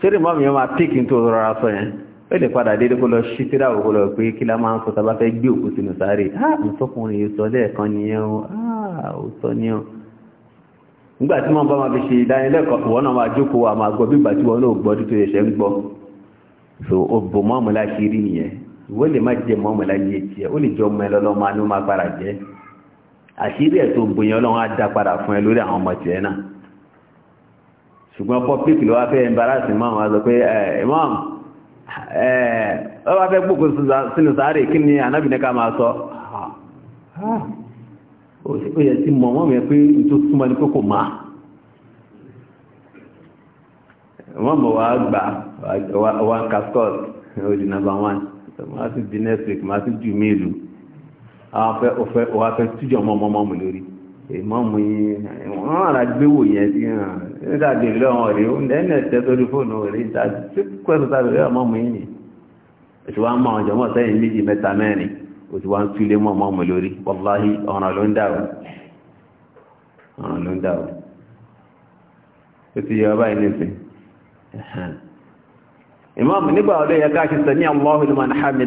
ṣeré mọ́ mi máa píkì tó rọra sọ yẹn ó lè padà dédé kó lọ ṣí tíra òkú lọ pé kí lá máa ń sọ tàbá fẹ́ gbé òkú sínú sáré ààbùsọ́kùnrin yìí sọ lẹ́ẹ̀kan nìyẹn o ààbùsọ ni o nígbà tí wọ́n bá máa fi ṣe ìdánilẹ́kọ̀ọ́ wọn náà máa jókòó wa ẹ àṣírí ẹ̀ tó gbìyàn ọlọ́run á dá padà fún ẹ lórí àwọn ọmọ tiẹ̀ náà ṣùgbọ́n public ló wá fẹ́ embarrass imam wá sọ pé eh, imam ọba eh, fẹ́ gbogbo sínú sáré kí ni anábìnẹ́ká máa sọ ó yẹ sí mọ̀ wọ́n mẹ́ pé tó súnmọ́ ní kókò máa wọ́n mọ̀ wá gbà wá ń kaskọ́t ó di number one máa sì di next week máa sì jù mí ìlú afẹ́ òfẹ́ òwáfẹ́ tíjọ mọ́mọ́mọ́ lórí ìmọ́mù yìí wọ́n àrà gbéwò yẹn tí hàn nígbà bèèrè lọ́wọ́ rẹ̀ ó ní ẹ̀nà ẹ̀tẹ́ sórí fóònù rẹ̀ ìta tí kẹ́sọ̀ sábẹ̀ rẹ̀ ọmọ́mù yìí ni òṣùwà ń mọ àwọn jọmọ́ sẹ́yìn méjì mẹ́ta mẹ́rin òṣùwà ń túlé mọ́mọ́mù lórí wàláhì ọ̀ràn ló ń dàrú ọ̀ràn ló ń dàrú ó ti yọ ọba ilé ìsìn ìmọ́mù nígbà ọlọ́yẹ káàkiri sẹ́ni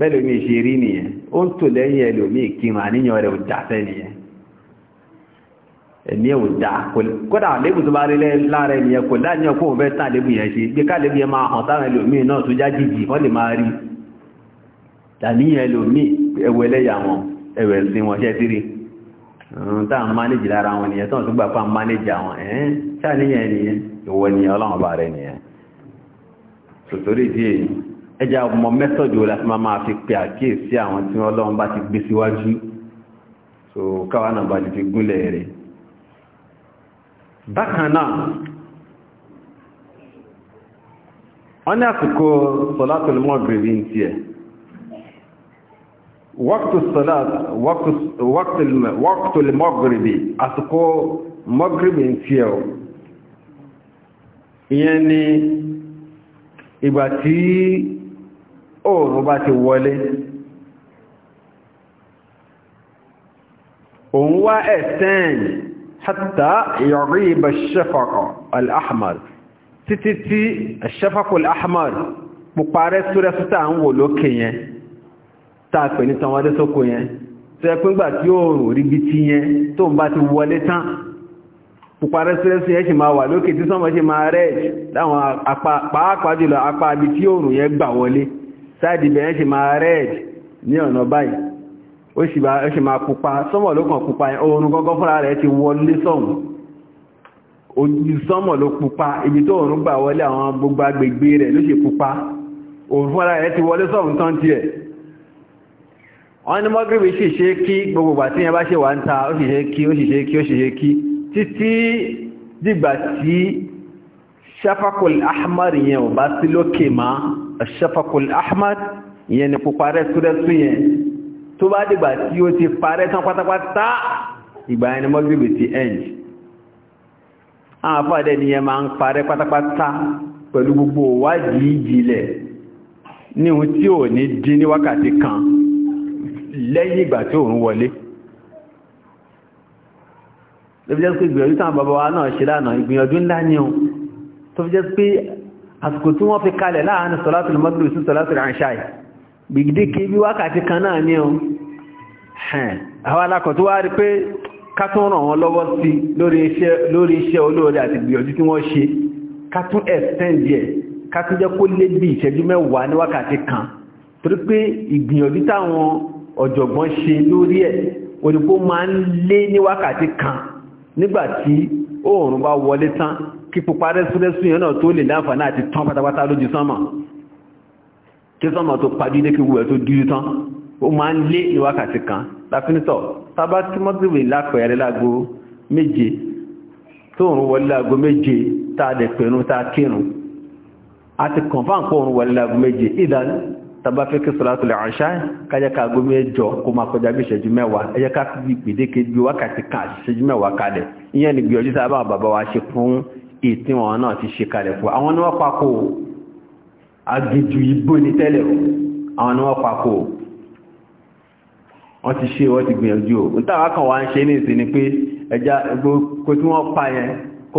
bẹ́ẹ̀ lómi ṣe rí nìyẹn ó ń tò lẹ́yìn ẹlòmí ìkírun àníyàn rẹ̀ ò dá sẹ́nìyẹn ẹ̀mí ẹ̀ ò dá kódà lébù tó bá rí lára ẹnìyẹn kò láàyàn kó òun fẹ́ tà lébù yẹn ṣe gbé ká lébù yẹn máa hàn sáwọn ẹlòmí náà tó já jìjì wọ́n lè máa rí àníyàn ẹlòmí ẹwẹ́ lẹ́yà wọn ẹwẹ́ sí wọn ṣẹ́ sí ẹjá ọmọ mẹ́sọ̀jù láti máa máa fi pè àkíyèsí àwọn tí wọ́n lọ́wọ́n bá ti gbé síwájú so káwà náà bá lè fi gúnlẹ̀ rẹ̀ bákan náà wọ́n ní àsìkò sọ́látò lè mọ́ bèèrè ní tiẹ̀ wọ́kùtò lè mọ́ bèèrè àsìkò mọ́ bèèrè ní tiẹ̀ ìyẹn ni ìgbà tí oòrùn bá ti wọlé òun wá ẹ̀sẹ́n hatta yaghiba ash-shafaq al-ahmar títí tí ash-shafaq al-ahmar pùparẹ́ súrẹ́ sútà ń wò lókè yẹn tààpẹ̀ ní tanwádé sókò yẹn tó ẹ pín gbà tí oòrùn rí bí ti yẹn tó ń bá ti wọlé tán pùparẹ́ súrẹ́ sí yẹn sì máa wà lókè tí sánmọ̀ sì máa rẹ̀ láwọn apá pàápàá jùlọ apá ibi tí oòrùn yẹn gbà wọlé sáàdì bẹ̀rẹ̀ ṣe máa red ní ọ̀nà báyìí ó ṣe máa pupa sọ́mọ̀ ló kàn pupa oòrùn gọ́gọ́ fúnra rẹ̀ ti wọlé sọ́hùn ojú sọ́mọ̀ ló pupa ibi tó oòrùn gbà wọlé àwọn gbogbo agbègbè rẹ̀ ló ṣe pupa oòrùn fúnra rẹ̀ ti wọlé sọ́hùn tán tiẹ̀ wọ́n ní mọ́gírìbì sì ṣe kí gbogbo àti yẹn bá ṣe wà ń ta ó sì ṣe kí ó sì ṣe kí ó sì ṣe kí títí dìgbà tí shafakul ahmar yẹn ò bá sí lókè máa ṣẹfàkùl ahmad yẹn ni kò parẹ́ súrẹ́sú yẹn tó bá dìgbà tí ó ti parẹ́ tán pátápátá ìgbà yẹn ni mọ́gbìgbì ti end àwọn afọ́dẹ́ ni yẹn máa ń parẹ́ pátápátá pẹ̀lú gbogbo wádìí ìjìnlẹ̀ ní ohun tí ò ní dín ní wákàtí kan lẹ́yìn ìgbà tí òun wọlé tó fi jẹ́ pé ìgbìyànjú táwọn bàbá wa náà ṣe lánàá ìgbìyànjú ńlá ni ohun tó fi jẹ́ pé àsìkò tí wọ́n fi kalẹ̀ láàárín sọ́látù mọ́gbìlì sí sọ́látù ìrànṣáì gbìgdíkì bí wákàtí kan náà ní ọun àwọn alákọ̀ tó wá rí pé kátún ràn wọ́n lọ́wọ́ sí lórí iṣẹ́ olóore àti gbìyànjú tí wọ́n ṣe kátún extend ẹ̀ kátún jẹ́ kó lé bí ìṣẹ́jú oòrùn bá wọlé tán kí pupa rẹ́súrẹ́sú yẹn náà tó lè láǹfààní àti tán pátápátá lójú sánmà kí sánmà tó pàdídé kí wùẹ̀ tó dúdú tán ó máa ń lé ní wákàtí kan láfínítọ̀ tábà tí mọ́tìrì lápẹ̀ẹ́rẹ́ lágbo méje tóòrùn wọlé lágbo méje tá a lè pẹ̀rún tá a kírun a ti kọ̀nfàn kóòrùn wọlé lágbo méje ìdá tàbá fẹ́ kí sọ́lá tọ́lẹ̀ àṣá kájẹ́ká gómìnà jọ kó máa kọjá bí ìṣẹ́jú mẹ́wàá ẹjẹ́ká gbèdéke bí wákàtí kan àti ìṣẹ́jú mẹ́wàá kalẹ̀ ìyẹn ni gbìyànjú sábà bàbá wa ṣe fún ìtí wọn náà ti ṣe kalẹ̀ fún àwọn ni wọ́n pakò aginjù igbó ní tẹ́lẹ̀ àwọn ni wọ́n pakò wọ́n ti ṣe wọ́n ti gbìyànjú o n táwa kan wá ń ṣe ní ìsìn ni pé ẹja kó tí wọ́n pa yẹn kó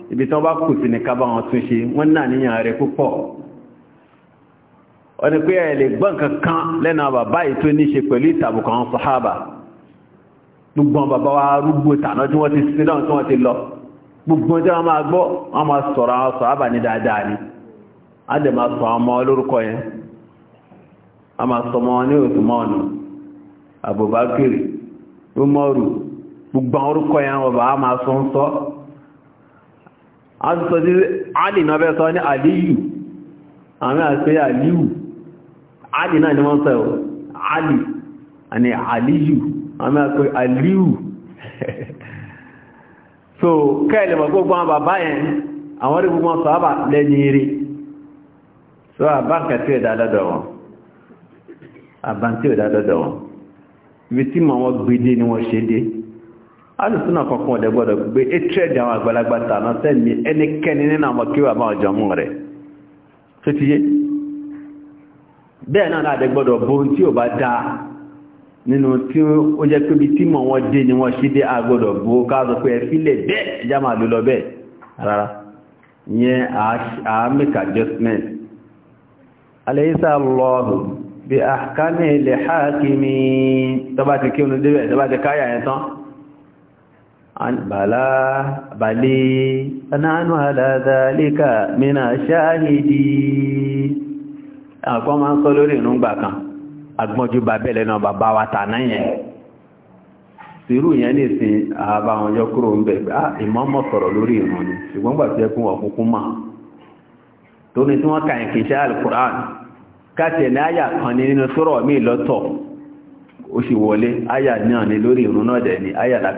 ibi tán bá kù sí ní ká wọn tún ṣe wọ́n náà níyàn rẹ̀ púpọ̀ pé lè gbọ́n kankan bàbá yìí tó ní ṣe pẹ̀lú ìtàbùkù àwọn sàhábà gbogbo bàbá wa arúgbó tàná tí wọ́n ti náà tí wọ́n ti lọ gbogbo tí wọ́n máa gbọ́ wọ́n máa sọ̀rọ̀ àwọn ní a sọ ọmọ olórúkọ yẹn a máa sọ ọmọ ní gbogbo àwọn orúkọ yẹn wọ́n máa sọ ń sọ a ti sọ sí alì náà bẹ́ sọ ní àlíyù àmì àti àlíyù alì náà ni wọ́n sọ ẹ̀wọ̀ alì àni àlíyù àmì àti àlíyù so kẹ́ẹ̀lẹ̀ mọ̀ gbogbo àwọn bàbá yẹn àwọn orí gbogbo sọ́ọ́bà lẹ́ni rí so àbáǹkà tí ó dá lọ́dọ̀ wọn àbáǹkà tí ó dá lọ́dọ̀ wọn ibi tí mọ̀ wọ́n gbé alùsùnà kankan ọ̀dẹ̀ gbọ́dọ̀ gbé étrẹ́dì àwọn àgbàlagbà tàná sẹ́ni ẹnikẹ́ni nínú àwọn kí wà máa jọmú rẹ̀ tó ti yé bẹ́ẹ̀ náà láàdẹ̀ gbọ́dọ̀ bóhun tí ò bá dáa nínú tí ó jẹ́ pé bí tí mọ̀ wọ́n dé ni wọ́n ṣí dé agbọ́dọ̀ bó káàkọ́ pé ẹ̀fílẹ̀ bẹ́ẹ̀ já máa بلى بلي نحن على ذلك من الشاهدين àkọ́ máa sọ lórí ìrún kan agbọ́njú bá bẹ́lẹ̀ náà bàbá wa tà náà yẹn sírù yẹn ní àbá ọjọ́ kúrò ń bẹ̀ sọ̀rọ̀ lórí ni ṣùgbọ́n gbà ọkùnkún tó ní tí wọ́n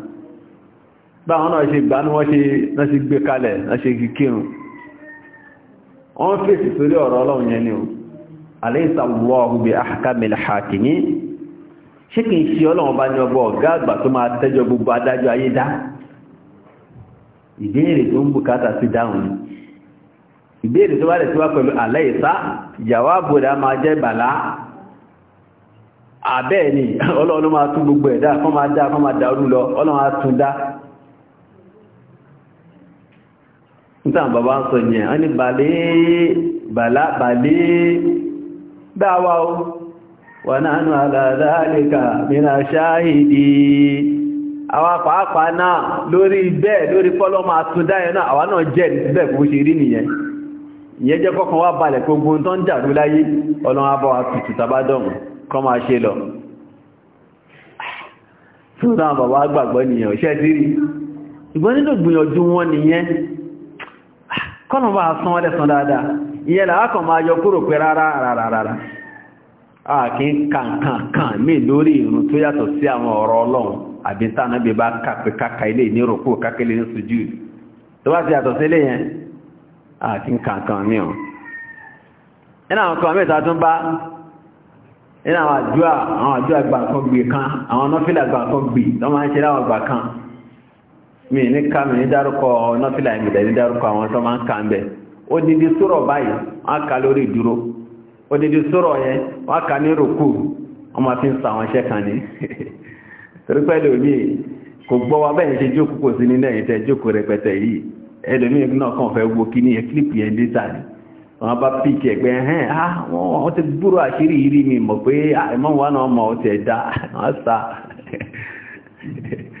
báwọn náà ṣe gbà ní wọ́n ṣe náà ṣe gbé kalẹ̀ náà ṣe kíkírùn wọ́n fèsì sórí ọ̀rọ̀ ọlọ́run yẹn ni o alaysa Allahu bi ahkamil hakimin ṣé kìí ṣe ọlọ́run bá ní ọgbọ ọ̀gá àgbà tó máa tẹ́jọ gbogbo adájọ́ ayé dá ìbéèrè tó ń bùkátà sí dáhùn ni ìbéèrè tó bá àbẹ́ẹ̀ ni ọlọ́run máa tún gbogbo ẹ̀dá kọ́ máa dá kọ́ máa dá orú lọ ọlọ́run á tún dá níta bàbá sọ yẹn a ní balẹ̀ bàlá balẹ̀ dáwà ó wà náà nù àdáadáalẹ́kà mìíràn ṣáàhìdì àwọn pàápàá naa lórí bẹ́ẹ̀ lórí pọ́lọ́mà àtúndá ẹ̀ náà àwọn náà jẹ́ bẹ́ẹ̀ kò ṣe rí nìyẹn ìyẹn jẹ́ kọ́kàn wá balẹ̀ gbogbo tó ń láyé abọ́ kọ́ máa ṣe lọ bàbá gbàgbọ́ nìyẹn kọ́nà bá sán ọlẹ́sàn dáadáa ìyẹn làákàn máa yọ kúrò pé rárá rárá ààkí kàǹkàǹkàn mí lórí ìrun tó yàtọ̀ sí àwọn ọ̀rọ̀ ọlọ́run àbí bí bá kàpẹ káka ilé ní rògbò ní sojú tó bá ti yàtọ̀ sílé yẹn ààkí kàǹkàn mi ni ká mi ní dárúkọ nọ́fílà ìmìlẹ̀ ní dárúkọ àwọn tó máa ń ká ń bẹ̀ ó dídí sọ́rọ̀ báyìí wọ́n ká lórí ìdúró ó dídí sọ́rọ̀ yẹn wọ́n ká ní rùkú wọ́n máa fi ń sa àwọn iṣẹ́ kan ní torí pé ẹlòmíì kò gbọ́ wa bẹ́ẹ̀ ṣe jókòó kò sí nílẹ̀ yìí tẹ́ jókòó wo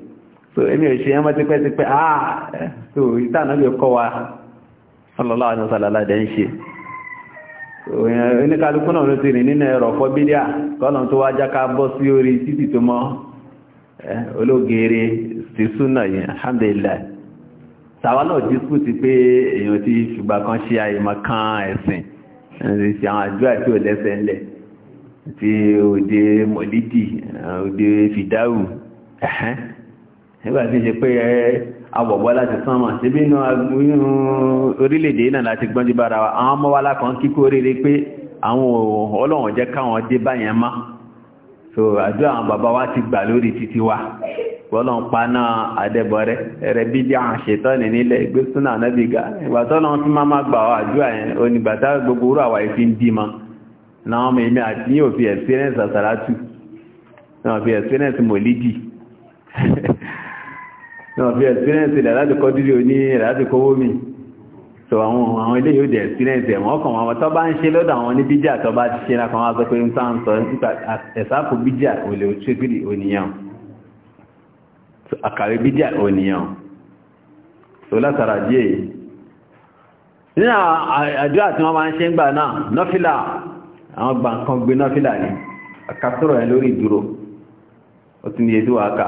so èmi ò ṣe yẹn mọ́ tipẹ́tipẹ́ ah eh, so ìtànà lè kọ́ wa sallallahu alaihi wasallam dẹ̀ ń ṣe oníkàlùkù náà ló ti rìn nínú ẹ̀rọ fọ́bídíà kọ́nà tó wá jáká bọ́ sí orí títì tó mọ́ eh, olóògèrè sí súnà yìí alhamdulillah sàwọn náà dísù ti pé èèyàn ti ṣùgbà kan ṣe àìmọ̀ kan ẹ̀sìn ṣe àwọn àjọ àti òlẹ́sẹ̀ òde mọ̀lídì òde fìdáwù ẹ̀hẹ́n nígbà tí ṣe pé awọ̀gbọ́ láti sánmà síbí inú orílẹ̀-èdè náà láti gbọ́njú bára wa àwọn ọmọ wálá kan kíkó rere pé àwọn ọlọ́wọ̀n jẹ́ káwọn dé báyẹn má so àjọ àwọn bàbá wa ti gbà lórí títí wa gbọ́lọ́n paná àdẹ́bọ̀rẹ́ ẹ̀rẹ́ bí bí àwọn ṣètọ́nì nílẹ̀ ìgbé súnà nábìgá ìgbà tọ́lọ́ fi máa má gbà wá àjọ àyẹn onígbàtà gbogbo orú àwà ìfi ń bímọ náà ọmọ èmi àti ní òfin experience àsàràtù náà òfin experience mòlídìí wọ́n fi experience rẹ̀ láti kọ́ dídí òní rẹ̀ láti kówó mi so àwọn àwọn ilé yóò dẹ̀ experience ẹ̀ wọ́n kàn wọ́n tó bá ń ṣe lọ́dọ̀ àwọn ní bíjà tó bá ṣe ra kan wá sọ pé ń tán sọ nípa ẹ̀sáàpù bíjà ò lè ṣe bí ònìyàn àkàrí bíjà ònìyàn so látara díẹ̀ nínú àdúrà tí wọ́n máa ń ṣe ń gbà náà nọ́fìlà àwọn gbàǹkan gbé nọ́fìlà ni àkásọ̀rọ̀ ẹ̀ lórí ìdúró ó ti ní ètò àkà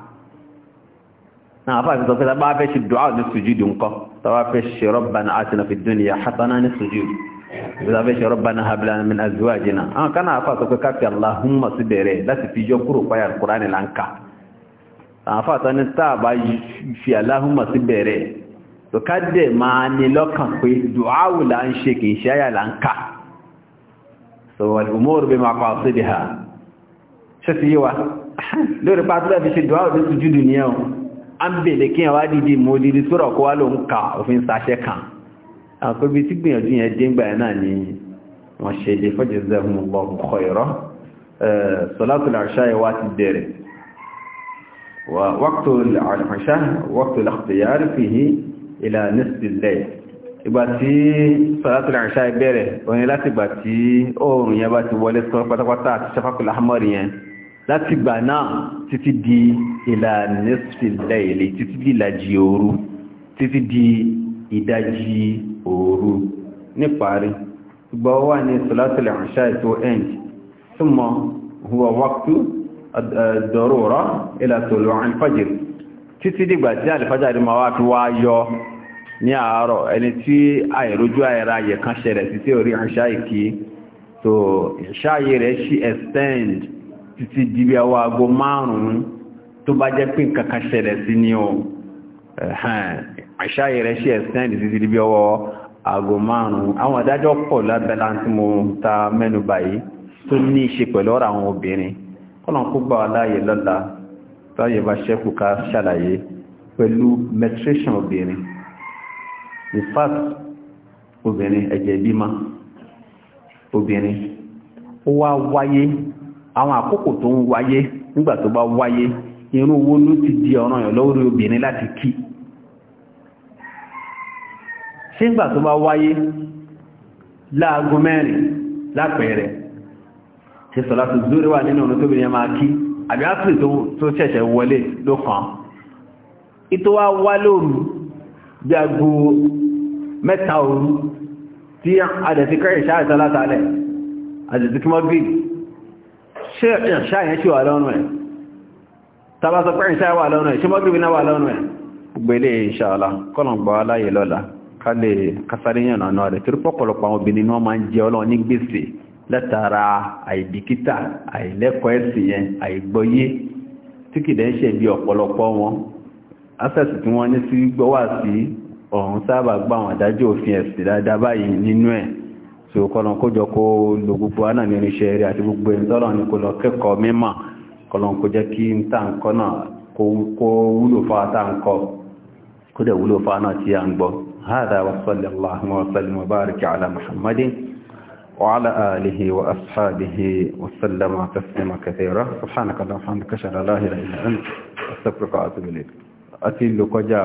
náà afá àti sọfẹ́ tàbá fẹ́ ṣe dùá ní sùjúdù ńkọ́ tàbá fẹ́ ṣe rọ́bàna àtinà fi dúnìyà hasana ní sùjúdù tàbá fẹ́ ṣe rọ́bàna hablana min azwajina àwọn kan náà afá sọfẹ́ káfí aláhùnmà sí bẹ̀rẹ̀ láti fi yọ kúrò páyà kúránì láńkà àwọn afá sọfẹ́ tàbá fi aláhùnmà sí bẹ̀rẹ̀ tó ká dẹ̀ máa ní lọ́kàn a ń bèèrè kí ẹwà dìdì mú dìdì tó rọ̀kọ́ wá ló ń ka òfin sàṣẹ kan àkọ́bí tí gbìyànjú yẹn dé ńgbà náà ni wọ́n ṣe lè fọ́jẹ́ zẹ́hùn lọ́wọ́ kọ ìrọ́ sọ́látù làṣà ẹwà ti bẹ̀rẹ̀ wákùtù làṣà wákùtù làṣà fìhí ìlà nísìlẹ̀ ìgbà tí sọ́látù làṣà láti gbà náà títí di ìlà nẹ́sìfìlẹ̀ ilé títí di ìlàjì òru títí di ìdajì òru níparí gbọ́ wà ní sọ́látìlẹ̀ àṣà ètò end súnmọ́ huwa wákútù dọ̀rọ̀rọ̀ ìlà tòlò àìfàjì títí dìgbà tí àlìfàjì ma wá fi wá yọ ní àárọ̀ ẹni tí àìrójú àìra yẹ̀ kan ṣẹlẹ̀ títí orí àṣà ìkí so ìṣáyé rẹ̀ ṣí extend títí di bí àwọn aago márùn-ún tó bá jẹ́ pé nǹkan kan ṣẹlẹ̀ sí ni o àṣà yẹrẹ ṣe ẹ̀sìn àìdí títí di bí ọwọ́ aago márùn-ún àwọn adájọ́ pọ̀ lábẹ́lá tí mo ta mẹ́nu báyìí tó ní í ṣe pẹ̀lú ọ̀rọ̀ àwọn obìnrin kọ́nà kó gbà wá ó wá wáyé àwọn àkókò tó ń wáyé nígbà tó bá wáyé irú owó ló ti di ọ̀ràn yàn lórí obìnrin láti kí ṣé nígbà tó bá wáyé láago mẹ́rin lápẹẹrẹ ṣe sọ̀lá tó zúrí wà nínú ọ̀nà tóbi ni a máa kí àbí áfíì tó ṣẹ̀ṣẹ̀ wọlé ló kàn ìtò wá wá bí ṣe ṣáyẹn ṣe wà lọ́nà ẹ̀ tàbátọ̀ pẹ́rin ṣáyẹ wà lọ́nà ẹ̀ ṣe mọ́gbìbì náà wà lọ́nà ẹ̀ gbélé ìṣàlá kọ́lọ̀gbọ́ aláyè lọ́la ká lè kásáríyàn àná rẹ̀ torí pọ́pọ̀lọpọ̀ àwọn obìnrin náà máa ń jẹ ọlọ́ ní gbèsè látara àìbìkítà àìlẹ́kọ̀ọ́ ẹ̀sìn yẹn àìgbọ́yé tí kì dẹ́ ń ṣe bí ọ̀pọ̀lọpọ̀ wọn access tí wọ́n ní sí gbọ́wà sí tí ó kọ́lọ̀ kó jọ kó lo gbogbo àná ní irinṣẹ́ rẹ̀ àti gbogbo ẹni tọ́lọ̀ ní kó lọ kẹ́kọ̀ọ́ mímọ̀ kọ́lọ̀ kó jẹ́ kí n tà ń kọ́ náà kó wúlò fa tà ń kọ́ kó dẹ̀ wúlò fa náà tí a ń gbọ́ hádà wa kọjá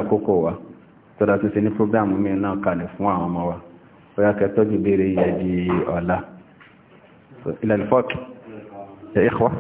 àkókò wa tó dá tó ní program mi náà kalẹ̀ fún àwọn ọmọ wa bóyá kẹtọ́jú béèrè yẹ di ọ̀la ilẹ̀ ìfọ́kì ẹ̀ ìkọ́